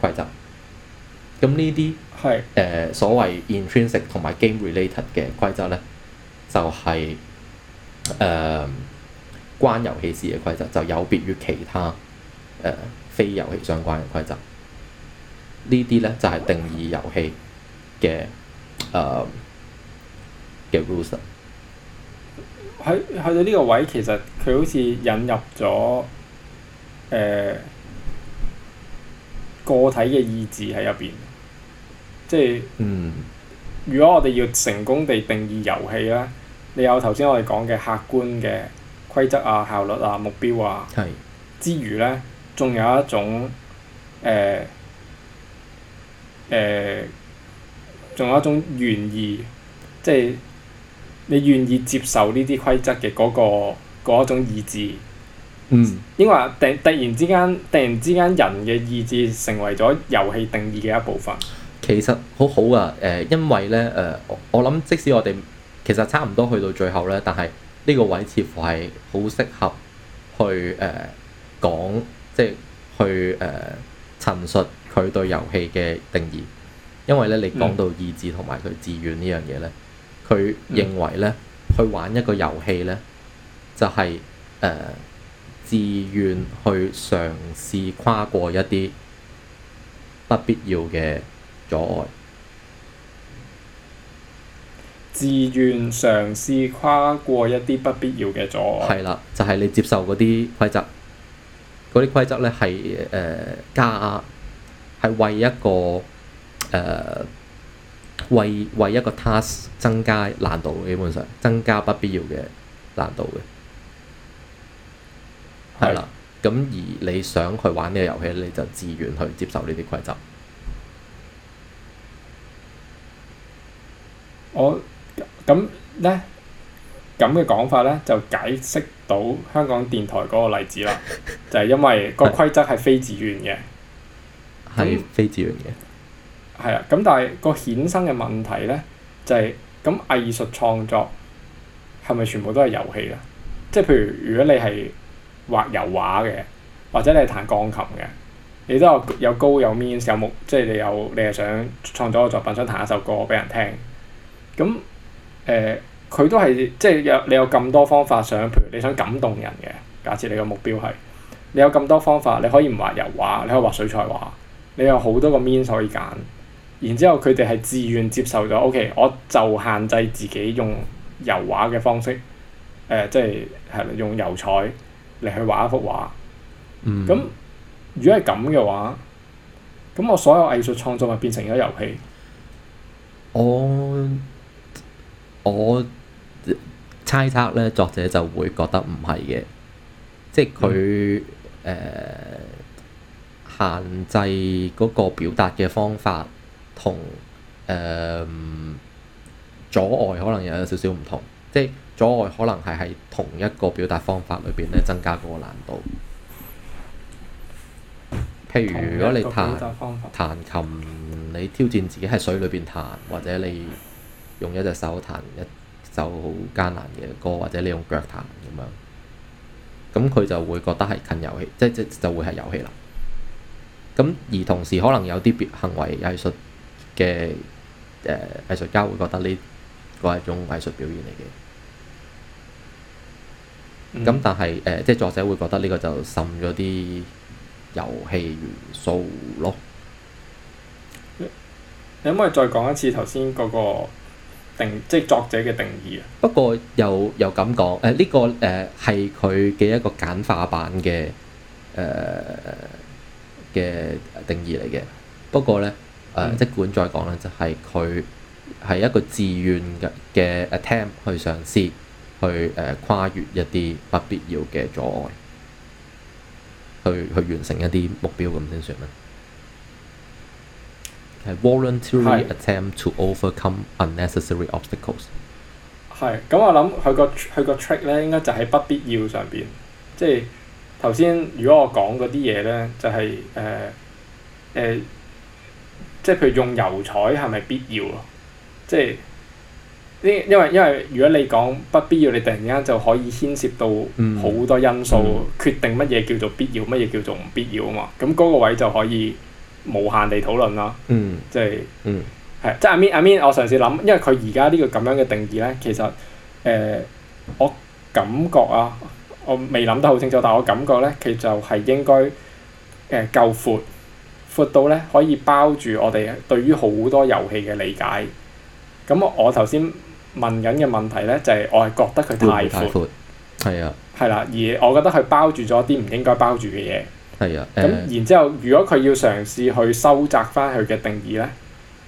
規則。咁呢啲係誒所謂 intrinsic 同埋 game related 嘅規則咧。就係、是、誒、呃、關遊戲事嘅規則，就有別於其他誒、呃、非遊戲相關嘅規則。呢啲咧就係、是、定義遊戲嘅誒嘅 rules。喺、呃、rule.
去，去到呢個位，其實佢好似引入咗誒、呃、個體嘅意志喺入邊，即係嗯。如果我哋要成功地定義遊戲咧，你有頭先我哋講嘅客觀嘅規則啊、效率啊、目標啊，是之餘咧，仲有一種誒誒，仲、呃呃、有一種願意，即係你願意接受呢啲規則嘅嗰個嗰一種意志。嗯，應該話突突然之間，突然之間，之間人嘅意志成為咗遊戲定義嘅一部分。
其實好好啊，誒、呃，因為咧，誒、呃，我我諗，即使我哋其實差唔多去到最後咧，但係呢個位似乎係好適合去誒、呃、講，即係去誒、呃、陳述佢對遊戲嘅定義，
因為咧，你講到
意志同埋佢自願呢樣嘢咧，佢、嗯、認為咧，嗯、去玩一個遊戲咧，就係誒自願去嘗試跨過一啲不必要嘅。阻礙，
自願嘗試跨過一啲不必要嘅阻礙。係啦，
就係你接受嗰啲規則，嗰啲規則咧係誒加，係為一個誒為為一個 task 增加難度，基本上增加不必要嘅難度嘅。係啦，咁而你想去玩呢個遊戲，你就自願去接受呢啲規則。
我咁咧咁嘅講法咧，就解釋到香港電台嗰個例子啦。 就係因為個規則係非自願嘅，係
那非自願嘅。
係啊，咁但係個衍生嘅問題咧，就係咁藝術創作係咪全部都係遊戲啦？即係譬如如果你係畫油畫嘅，或者你係彈鋼琴嘅，你都有有高有 means 有目，即係你有你係想創作個作品，想彈一首歌俾人聽。咁誒，佢、呃、都係即係有你有咁多方法想，譬如你想感動人嘅。假設你個目標係，你有咁多方法，你可以唔畫油畫，你可以畫水彩畫，你有好多個面可以揀。然之後佢哋係自願接受咗，OK，我就限制自己用油畫嘅方式，誒、呃，即係係用油彩嚟去畫一幅畫。嗯。咁如果係咁嘅話，咁我所有藝術創作咪變成咗遊戲？
我。我猜測呢，作者就會覺得唔係嘅，即係佢誒限制嗰個表達嘅方法同誒、呃、阻礙可能又有少少唔同，即係阻礙可能係喺同一個表達方法裏邊呢，增加嗰個難度。譬如如果你彈彈琴，你挑戰自己喺水裏邊彈，或者你。用一隻手彈一首好艱難嘅歌，或者你用腳彈咁樣，咁佢就會覺得係近遊戲，即、就、即、係、就會係遊戲啦。咁而同時可能有啲行為藝術嘅誒、呃、藝術家會覺得呢個係一種藝術表現嚟嘅。咁、嗯、但係誒，即、呃就係、作者會覺得呢個就滲咗啲遊戲元素咯。你
可唔可以再講一次頭先嗰個？定即係作者嘅定義啊。
不過又又咁講，誒、呃、呢、這個誒係佢嘅一個簡化版嘅誒嘅定義嚟嘅。不過咧誒、呃，即管再講咧，就係佢係一個自願嘅嘅 attempt 去嘗試，去誒、呃、跨越一啲不必要嘅阻礙，去去完成一啲目標咁先算啦。係，voluntary attempt to overcome unnecessary obstacles。
係、嗯，咁我諗佢個佢個 trick 咧，應該就喺不必要上邊。即係頭先，如果我講嗰啲嘢咧，就係誒誒，即係譬如用油彩係咪必要咯、啊？即係因因為因為如果你講不必要，你突然間就可以牽涉到好多因素，嗯、決定乜嘢叫做必要，乜嘢叫做唔必要啊嘛。咁嗰個位就可以，無限地討論咯，即係、嗯，係即係阿 Min 阿 Min，我嘗試諗，因為佢而家呢個咁樣嘅定義咧，其實誒、呃，我感覺啊，我未諗得好清楚，但我感覺咧，佢就係應該誒、呃、夠闊，闊到咧可以包住我哋對於好多遊戲嘅理解。咁我我頭先問緊嘅問題咧，就係、是、我係覺得佢太闊，係啊，係啦，而我覺得佢包住咗啲唔應該包住嘅嘢。
係啊，咁、呃、
然之後，如果佢要嘗試去收窄翻佢嘅定義咧，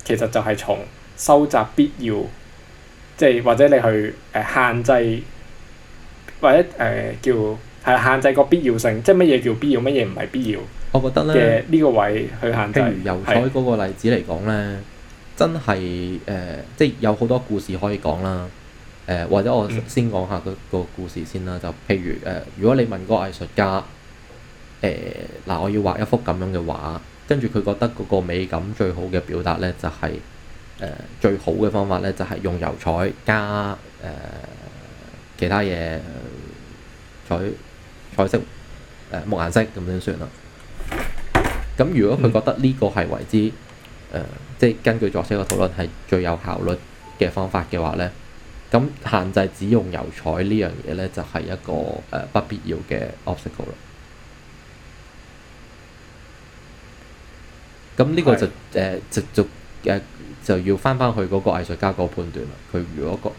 其實就係從收窄必要，即係或者你去誒限制，或者誒、呃、叫係限制個必要性，即係乜嘢叫必要，乜嘢唔係必要。
我覺得咧
呢個位去限制。譬如油彩
嗰個例子嚟講咧，啊、真係誒、呃，即係有好多故事可以講啦。誒、呃，或者我先講下個故事先啦。嗯、就譬如誒、呃，如果你問個藝術家。誒嗱、呃，我要畫一幅咁樣嘅畫，跟住佢覺得嗰個美感最好嘅表達呢，就係、是、誒、呃、最好嘅方法呢，就係、是、用油彩加誒、呃、其他嘢彩彩色誒、呃、木顏色咁先算啦。咁如果佢覺得呢個係為之誒、呃，即係根據作者嘅討論係最有效率嘅方法嘅話呢，咁限制只用油彩呢樣嘢呢，就係、是、一個誒、呃、不必要嘅 obstacle 啦。咁呢個就誒的、呃呃，就要翻翻去嗰個藝術家個判斷啦。佢如果覺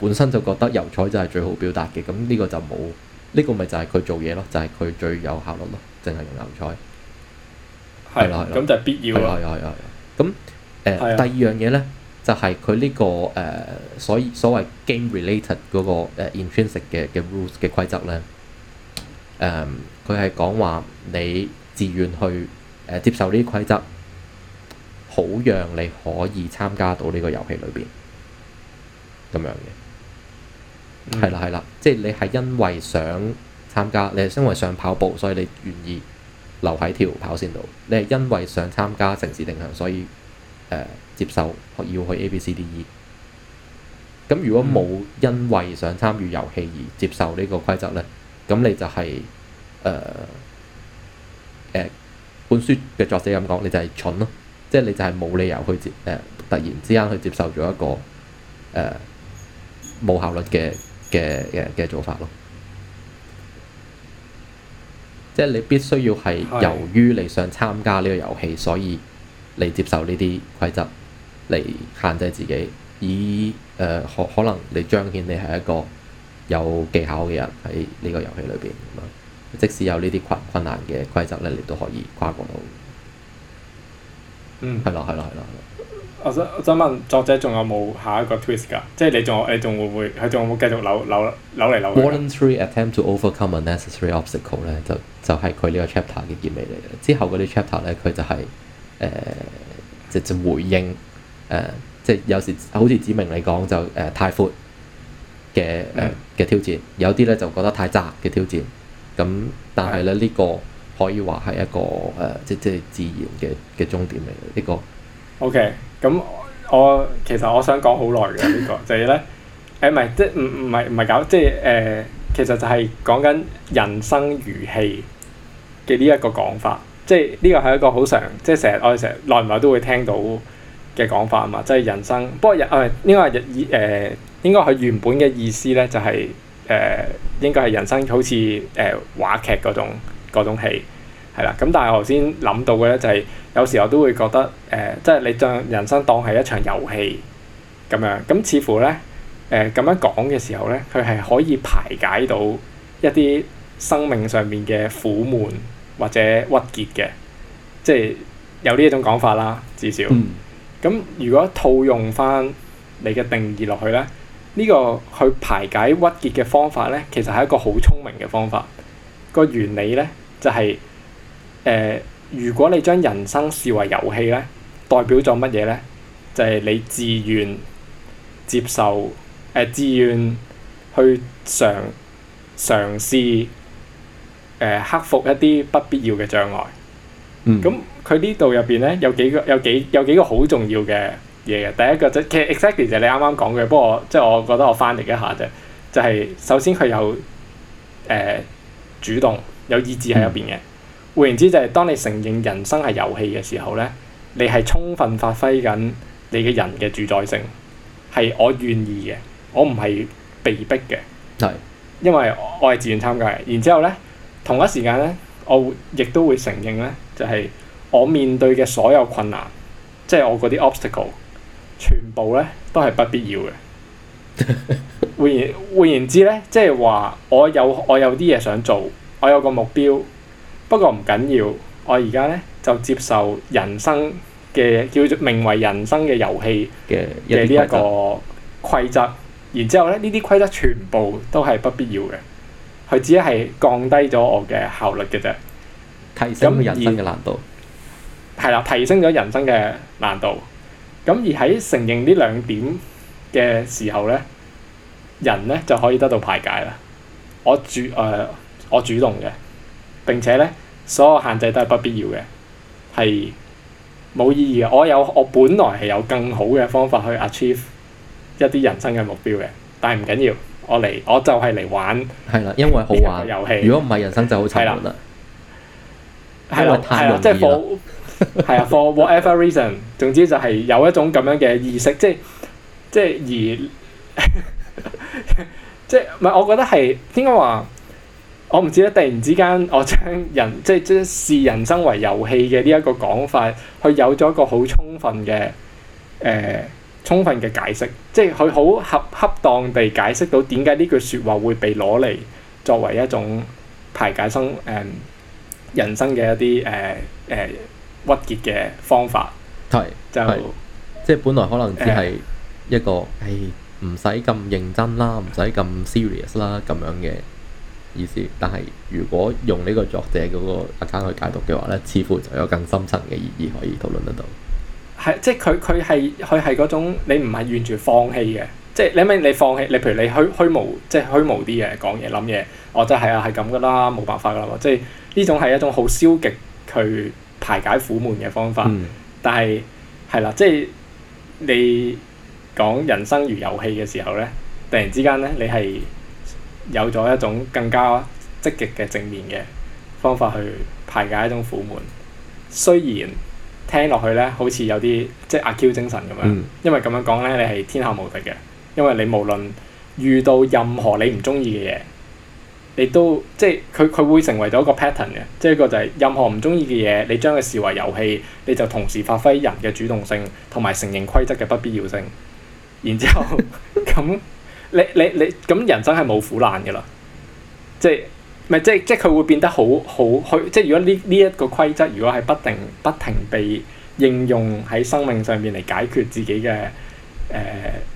本身就覺得油彩就係最好表達嘅，咁呢個就冇呢、這個咪就係佢做嘢咯，就係、是、佢最有效率咯，淨係用油彩。係啦的，咁就必要。係啦，係啦，係啦。咁誒，呃、的第二樣嘢咧，就係佢呢個誒、呃，所以所謂 game related 嗰、那個誒、呃、intrinsic 嘅嘅 rules 嘅規則咧，誒、呃，佢係講話你自願去。接受呢啲規則，好讓你可以參加到呢個遊戲裏邊咁樣嘅，係啦係啦，即係你係因為想參加，你係因為想跑步，所以你願意留喺條跑線度。你係因為想參加城市定向，所以、呃、接受要去 A、B、C、D、E。咁如果冇因為想參與遊戲而接受呢個規則咧，咁、嗯、你就係、是、誒。呃本書嘅作者咁講，你就係蠢咯，即係你就係冇理由去接誒、呃、突然之間去接受咗一個誒冇、呃、效率嘅嘅嘅嘅做法咯。即係你必須要係由於你想參加呢個遊戲，所以你接受呢啲規則嚟限制自己，以誒、呃、可可能你彰顯你係一個有技巧嘅人喺呢個遊戲裏邊，咁樣。即使有呢啲困困難嘅規則咧，你都可以跨過到。嗯，
係
咯，係咯，係咯。我想
我想問作者仲有冇下一個 twist 㗎？即係你仲有，你仲會唔會佢仲有冇繼續扭扭扭嚟扭去
？Voluntary attempt to overcome a necessary obstacle 咧，就就係佢呢個 chapter 嘅結尾嚟嘅。之後嗰啲 chapter 咧，佢就係誒直接回應誒，即、呃、係、就係、有時好似指明你講就誒、呃、太闊嘅誒嘅挑戰，有啲咧就覺得太窄嘅挑戰。咁，但係咧呢的個可以話係一個誒、呃，即即自然嘅嘅終點嚟。呢、這個
，OK、嗯。咁我其實我想講好耐嘅呢個，就係、是、咧，誒唔係即唔唔係唔係搞，即、就、誒、是呃、其實就係講緊人生如戲嘅呢一個講法，即、就、呢、是、個係一個好常，即成日我哋成日耐唔耐都會聽到嘅講法啊嘛，即、就是、人生。不過人唔係應該係意誒，應、呃、應該係原本嘅意思咧、就是，就係。誒、呃、應該係人生好似誒、呃、話劇嗰種嗰種戲係啦，咁但係我先諗到嘅咧就係、是、有時候都會覺得誒、呃，即係你將人生當係一場遊戲咁樣，咁似乎咧誒咁樣講嘅時候咧，佢係可以排解到一啲生命上面嘅苦悶或者鬱結嘅，即係有呢一種講法啦，至少。咁、嗯、如果套用翻你嘅定義落去咧？呢個去排解鬱結嘅方法咧，其實係一個好聰明嘅方法。個原理咧就係、是、誒、呃，如果你將人生視為遊戲咧，代表咗乜嘢咧？就係、是、你自願接受誒、呃，自願去嘗嘗試誒，克服一啲不必要嘅障礙。嗯。咁佢呢度入邊咧有幾個有幾有幾個好重要嘅。嘢嘅，第一個就是、其實 exactly 就你啱啱講嘅，不過即係我覺得我翻嚟一下啫、就是，就係首先佢有誒、呃、主動有意志喺入邊嘅。嗯、換言之、就是，就係當你承認人生係遊戲嘅時候咧，你係充分發揮緊你嘅人嘅主宰性，係我願意嘅，我唔係被逼嘅，係是因為我係自願參加嘅。然之後咧，同一時間咧，我亦都會承認咧，就係、是、我面對嘅所有困難，即、就、係、是、我嗰啲 obstacle。全部咧都係不必要嘅。 換言換言之咧，即係話我有我有啲嘢想做，我有個目標。不過唔緊要，我而家咧就接受人生嘅叫做名為人生嘅遊戲
嘅呢一個
規則。然之後咧，呢啲規則全部都係不必要嘅，佢只係降低咗我嘅效率嘅啫，提升人生嘅難度。係啦，提升咗人生嘅難度。咁而喺承認呢兩點嘅時候咧，人咧就可以得到排解啦。我主誒、呃，我主動嘅，並且咧所有限制都係不必要嘅，係冇意義嘅。我有我本來係有更好嘅方法去 achieve 一啲人生嘅目標嘅，但係唔緊要，我嚟我就係嚟玩。
係啦，因為好玩。遊戲如果唔係人生就好慘啦。係啊，係啊，即係
冇。係啊、 yeah，for whatever reason，總之就係有一種咁樣嘅意識，即係即係而 即係唔係？我覺得係應該話，我唔知咧。突然之間，我將人即係將視人生為遊戲嘅呢一個講法，佢有咗一個好充分嘅誒、呃、充分嘅解釋，即係佢好恰恰當地解釋到點解呢句說話會被攞嚟，作為一種排解生誒、呃、人生嘅一啲誒誒。呃呃屈結嘅方法，
係就即係本來可能只係一個誒，唔使咁認真啦，唔使咁 serious 啦，咁樣嘅意思。但係如果用呢個作者嗰個 account 去解讀嘅話咧，似乎就有更深層嘅意義可以討論得到。
係即係佢佢係佢係嗰種你唔係完全放棄嘅，即係你明你放棄你，譬如你虛虛無即係虛無啲嘅講嘢諗嘢，哦，即係係啊，係咁噶啦，冇辦法噶啦，即係呢種係一種好消極佢。排解苦悶嘅方法，嗯、但係係啦，即係你講人生如遊戲嘅時候咧，突然之間咧，你係有咗一種更加積極嘅正面嘅方法去排解一種苦悶。雖然聽落去咧，好似有啲即係阿 Q 精神咁樣，嗯、因為咁樣講咧，你係天下無敵嘅，因為你無論遇到任何你唔中意嘅嘢。你都即係佢，佢會成為咗一個 pattern 嘅，即係一個就係任何唔中意嘅嘢，你將佢視為遊戲，你就同時發揮人嘅主動性，同埋承認規則嘅不必要性。然之後咁， 你你你咁人生係冇苦難噶啦即係唔係，即係即係佢會變得好好去，即係如果呢呢一個規則如果係不停不停被應用喺生命上邊嚟解決自己嘅誒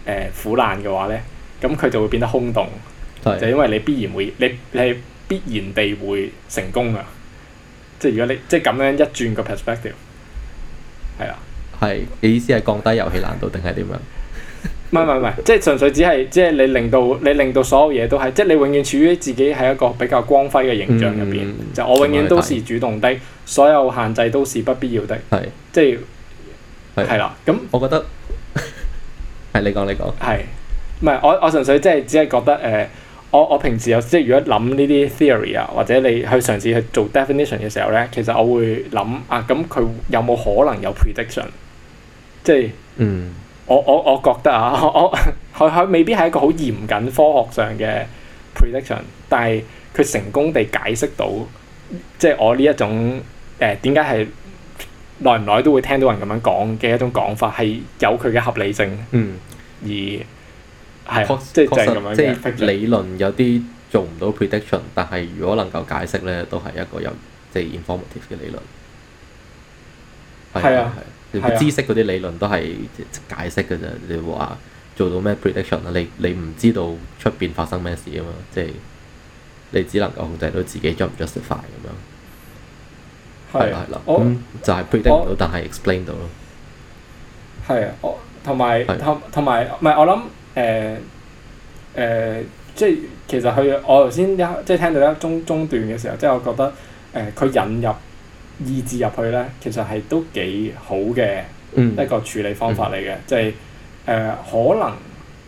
誒苦難嘅話咧，咁佢就會變得空洞。就因為你必然會，你你必然地會成功㗎！即係如果你即係咁樣一轉個 perspective，係啦，
係。你意思係降低遊戲難度定係點樣？
唔係唔係唔係，即係、就是、純粹只係即係你令到你令到所有嘢都係，即係你永遠處於自己喺一個比較光輝嘅形象入邊。嗯、就我永遠都是主動的，嗯嗯嗯、所有限制都是不必要的。係、嗯，即係係啦。咁啦我覺得係 你講你講係。唔係我我純粹即係只係覺得誒。呃我我平時有即係如果諗呢啲 theory 啊，或者你去嘗試去做 definition 嘅時候咧，其實我會諗啊，咁佢有冇可能有 prediction？即係嗯，我我我覺得啊，我佢佢未必係一個好嚴謹科學上嘅 prediction，但係佢成功地解釋到即係我呢一種誒點解係耐唔耐都會聽到人咁樣講嘅一種講法係有佢嘅合理性，嗯，而。係，即係確實，即係理
論有啲做唔到 prediction，但係如果能夠解釋咧，都係一個有即係 informative 嘅理論。
係對啊，啊知
識嗰啲理論都係解釋嘅啫，就是。你話做到咩 prediction 啊？你你唔知道出邊發生咩事啊嘛，即、就、係、是、你只能夠控制到自己 just 唔 justify 咁樣。
係啦，啊，係啦，啊，咁，啊我 嗯，
就係，是、predict 唔到我，但係 explain 到咯。
係啊，我同埋同埋，唔係我諗。誒誒、呃呃，即係其實佢，我頭先啱即係聽到一中中段嘅時候，即係我覺得誒，佢、呃、引入意志入去咧，其實係都幾好嘅一個處理方法嚟嘅、嗯嗯呃，即係誒可能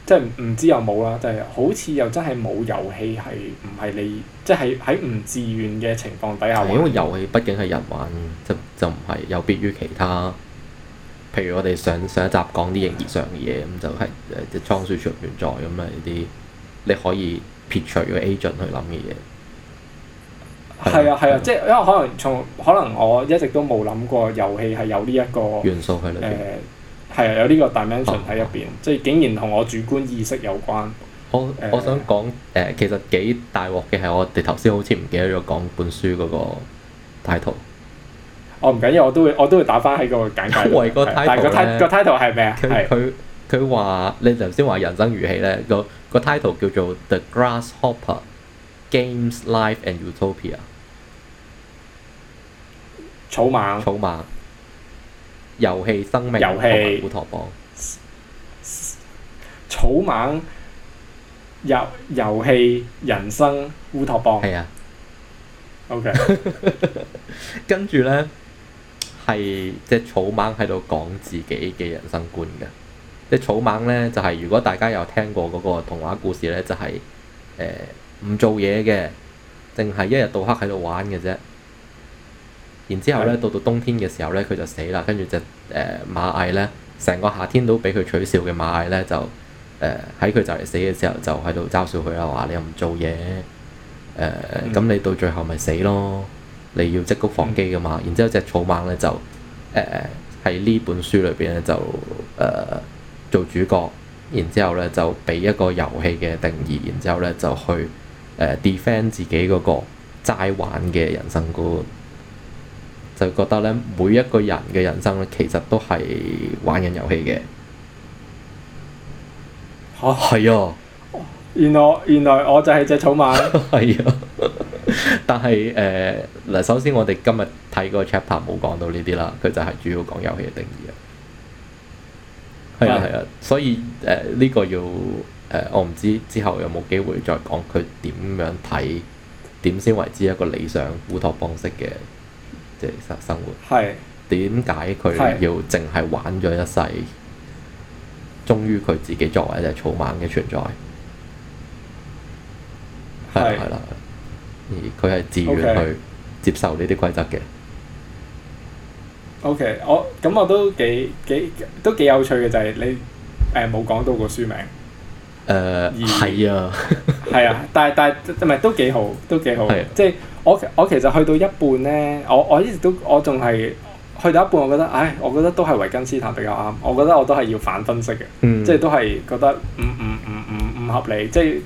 即係唔知有冇啦，就係、是、好似又真係冇遊戲係唔係你即係喺唔自願嘅情況底下，因為
遊戲畢竟係人玩，就就唔係有別於其他。譬如我哋上上一集講啲營業上嘅嘢，咁的就係誒即係倉鼠出唔在咁啊！呢啲你可以撇除咗 agent 去諗嘅嘢。
係啊係啊，即係因為可能從可能我一直都冇諗過遊戲係有呢一個元素喺裏邊。係、呃、啊，有呢個 dimension 喺入邊，即係竟然同我主觀意識有關。
我、呃、我想講誒、呃，其實幾大鑊嘅係我哋頭先好似唔記得咗講本書嗰個 title。
我唔緊要，我都會，我都會打返喺個簡介。但係個 title 係咩啊？佢佢
佢話你頭先話人生如戲咧，個個 title 叫做 The Grasshopper Games, Life and Utopia。草蜢。草蜢。遊戲生命。遊戲。烏托邦。
草蜢遊遊戲人生烏托邦。係啊。OK。跟住咧。係
即係草蜢喺度講自己嘅人生觀嘅。即係草蜢咧就係、是、如果大家有聽過嗰個童話故事咧，就係誒唔做嘢嘅，淨係一日到黑喺度玩嘅啫。然之後咧，到到冬天嘅時候咧，佢就死啦。跟住隻誒螞蟻咧，成個夏天都俾佢取笑嘅螞蟻咧，就誒喺佢就嚟死嘅時候，就喺度嘲笑佢啊，話你又唔做嘢，誒、呃、咁、嗯、你到最後咪死咯。你要積穀防饑噶嘛。然之後隻草蜢咧就誒喺呢本書裏邊咧就誒、呃、做主角，然之後咧就俾一個遊戲嘅定義，然之後咧就去誒、呃、defend 自己嗰個齋玩嘅人生觀，就覺得咧每一個人嘅人生咧其實都係玩緊遊戲嘅嚇係啊！
原來原來我就係隻草蜢。係
啊，但係誒嗱，首先我哋今日睇個 chapter 冇講到呢啲啦，佢就係主要講遊戲嘅定義啊。係啊係啊，所以誒呢、呃這個要誒、呃、我唔知之後有冇機會再講佢點樣睇，點先為之一個理想烏托邦式嘅即係生生活。係點解佢要淨係、啊、玩咗一世，忠於佢自己作為一隻草蜢嘅存在？係啦，是而佢係自願去接受呢啲規則嘅。
OK，我咁我都幾幾都幾有趣嘅就係、是、你誒冇講到個書名。
誒、呃，係而是啊，
係 啊，但係但係唔係都幾好，都幾好。啊、即係我我其實去到一半咧，我我一直都我仲係去到一半，我覺得，唉，我覺得都係維根斯坦比較啱。我覺得我都係要反分析嘅，嗯、即係都係覺得唔唔唔唔唔合理，即係。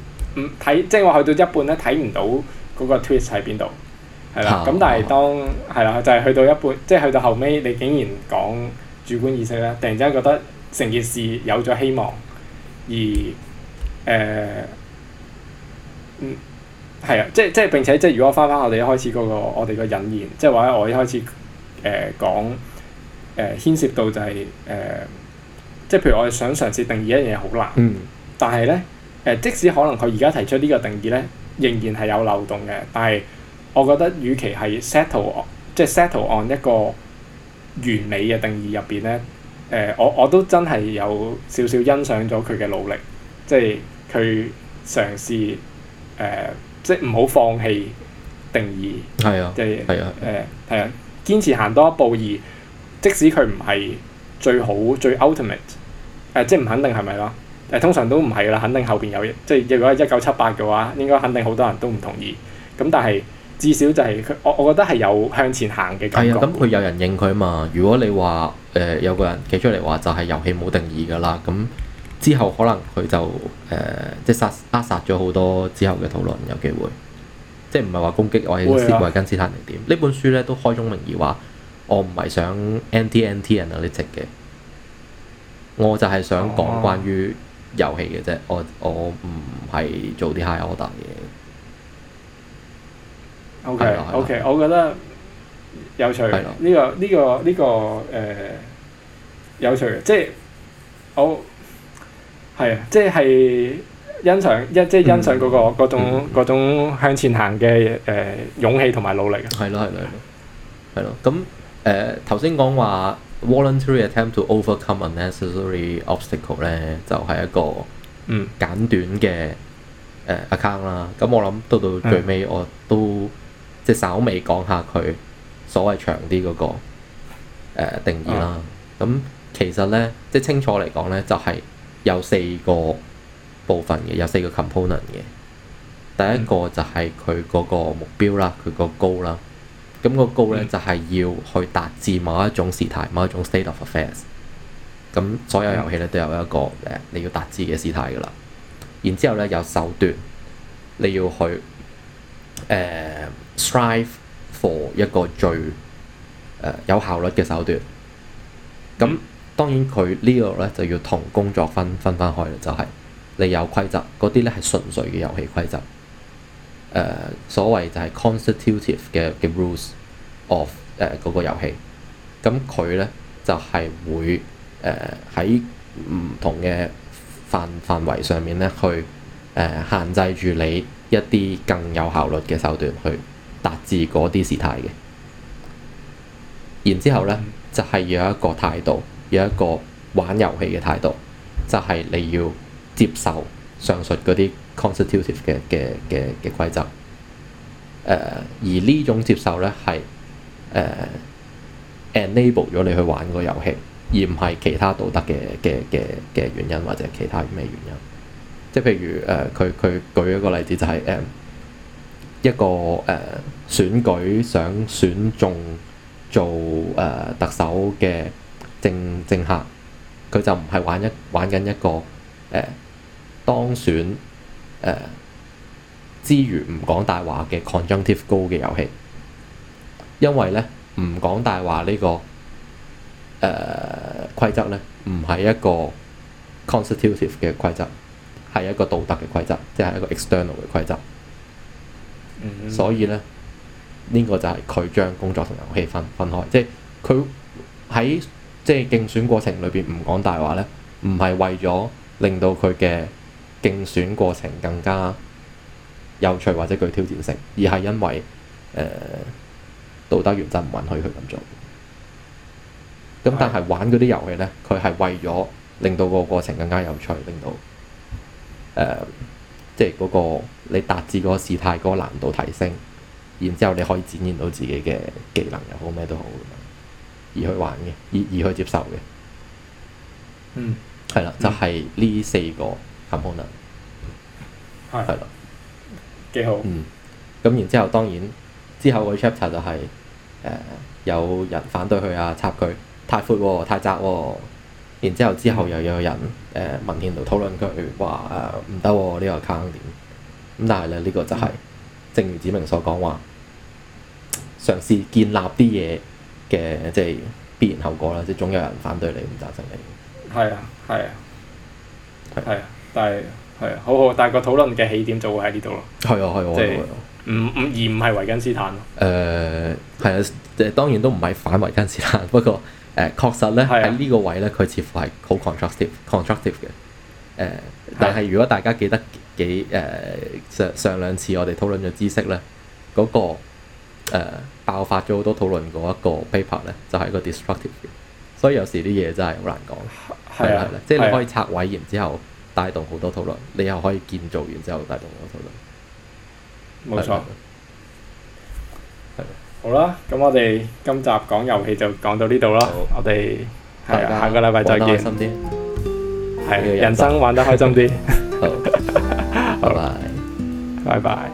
睇即係我去到一半咧，睇唔到嗰個 twist 喺邊度，
係啦、啊。咁、嗯、但係
當係啦、啊，就係、是、去到一半，即係去到後尾，你竟然講主觀意識咧，突然之間覺得成件事有咗希望，而誒、呃，嗯，係啊，即係即係，並且即係如果翻翻我哋一開始嗰、那個，我哋個引言，即係話咧，我一開始誒講誒牽涉到就係、是、誒、呃，即係譬如我哋想嘗試定義一樣嘢好難，嗯、但係咧。呃、即使可能佢而家提出呢個定義咧，仍然係有漏洞嘅。但係我覺得與其係 settle，即係 settle on 一個完美嘅定義入邊咧，誒、呃、我我都真係有少少欣賞咗佢嘅努力，即係佢嘗試誒即係唔好放棄定義，係啊，即係，係啊，誒、呃，係啊，堅、啊啊、持行多一步而即使佢唔係最好最 ultimate，誒、呃、即係唔肯定係咪咯。誒通常都唔係啦，肯定後邊有，即係如果一九七八嘅話，應該肯定好多人都唔同意。咁但係至少就係我我覺得係有向前行嘅感覺。咁
佢、哎、有人認佢嘛？如果你話誒、呃、有個人企出嚟話就係、是、遊戲冇定義嘅啦，咁之後可能佢就誒、呃、即係扼扼殺咗好多之後嘅討論，有機會。即係唔係話攻擊愛爾、啊、維根史坦定點？呢本書咧都開宗明義話，我唔係想 NTNT 人嚟讀嘅，我就係想講關於、哦。遊戲嘅啫，我我唔係做啲 higher order 嘅。
OK，OK，我覺得有趣。係咯，呢個呢個呢個誒有趣嘅，即係我係啊，即係欣賞一即係欣賞嗰個嗰 mm hmm. 種嗰種向前行嘅誒勇氣同埋努力。係咯係咯係咯，係咯咁。頭先講話、
uh, voluntary attempt to overcome unnecessary obstacle 咧，就係、是、一個嗯簡短嘅誒、嗯呃、account 啦。咁我諗到到最尾我都即係稍微講下佢所謂長啲嗰、那個、呃、定義啦。咁、嗯嗯、其實咧即係清楚嚟講咧，就係、是、有四個部分嘅，有四個 component 嘅。第一個就係佢嗰個目標啦，佢個 goal 啦。咁個高咧就係、是、要去達至某一種事態，某一種 state of affairs。咁所有遊戲咧都有一個誒，你要達至嘅事態噶啦。然之後咧有手段，你要去誒、呃、strive for 一個最誒、呃、有效率嘅手段。咁當然佢呢度咧就要同工作分分翻開啦，就係、是、你有規則，嗰啲咧係純粹嘅遊戲規則。誒、呃、所謂就係 constitutive 嘅嘅 rules of 誒、呃、嗰、那個遊戲，咁佢咧就係、是、會誒喺唔同嘅範範圍上面咧，去誒、呃、限制住你一啲更有效率嘅手段去達至嗰啲事態嘅。然之後咧，嗯、就係要有一個態度，要有一個玩遊戲嘅態度，就係、是、你要接受上述嗰啲。constitutive 嘅嘅嘅嘅規則，誒，uh, 而呢種接受咧係誒、uh, enable 咗你去玩個遊戲，而唔係其他道德嘅嘅嘅嘅原因或者其他咩原因，即係譬如誒佢佢舉一個例子就係、是、誒、uh, 一個誒、uh, 選舉想選中做誒、uh, 特首嘅政政客，佢就唔係玩一玩緊一個誒、uh, 當選。誒、呃、之餘唔講大話嘅 conjunctive goal 嘅遊戲，因為咧唔講大話呢、這個誒、呃、規則咧，唔係一個 constitutive 嘅規則，係一個道德嘅規則，即係一個 external 嘅規則。Mm hmm. 所以咧，呢、這個就係佢將工作同遊戲分分開，即係佢喺即係競選過程裏邊唔講大話咧，唔係為咗令到佢嘅。競選過程更加有趣或者具挑戰性，而係因為誒、呃、道德原則唔允許佢咁做。咁的但係玩嗰啲遊戲咧，佢係為咗令到個過程更加有趣，令到誒即係嗰個你達至嗰個事態，嗰個難度提升，然之後你可以展現到自己嘅技能又好咩都好，而去玩嘅，而而去接受嘅。嗯，係啦，就係、是、呢四個。咁可能，
係係咯，幾好。嗯，
咁然之後當然之後個 chapter 就係、是、誒、呃、有人反對佢啊，插佢，太闊喎、哦，太窄喎、哦。然之後之後又有人誒、呃、文獻度討論佢話誒唔得喎，呃哦這個、呢個坑點。咁但係咧呢個就係、是、正如梓明所講話，嘗試建立啲嘢嘅即係必然後果啦，即係總有人反對你，唔贊成你。
係啊，係啊，係啊。但係
係啊，好好，但係個討論嘅起點
就會喺呢度咯。係啊，係啊，即係唔
唔而唔係維根斯坦咯。誒，係啊，誒，當然都唔係反維根斯坦，不過誒，確實咧喺呢個位咧，佢似乎係好 constructive constructive 嘅。誒，但係如果大家記得幾誒上上兩次我哋討論嘅知識咧，嗰個誒爆發咗好多討論嗰一個 paper 咧，就係個 destructive 嘅。所以有時啲嘢真係好難講，係啊，即係你可以拆位然之後。帶動好多討論，你又可以建造完之後帶動好多討論，
冇錯，係。好啦，咁我哋今集講遊戲就講到呢度咯，我哋係啊下個禮拜再見，係人生玩得開心啲，好，好啦，拜拜。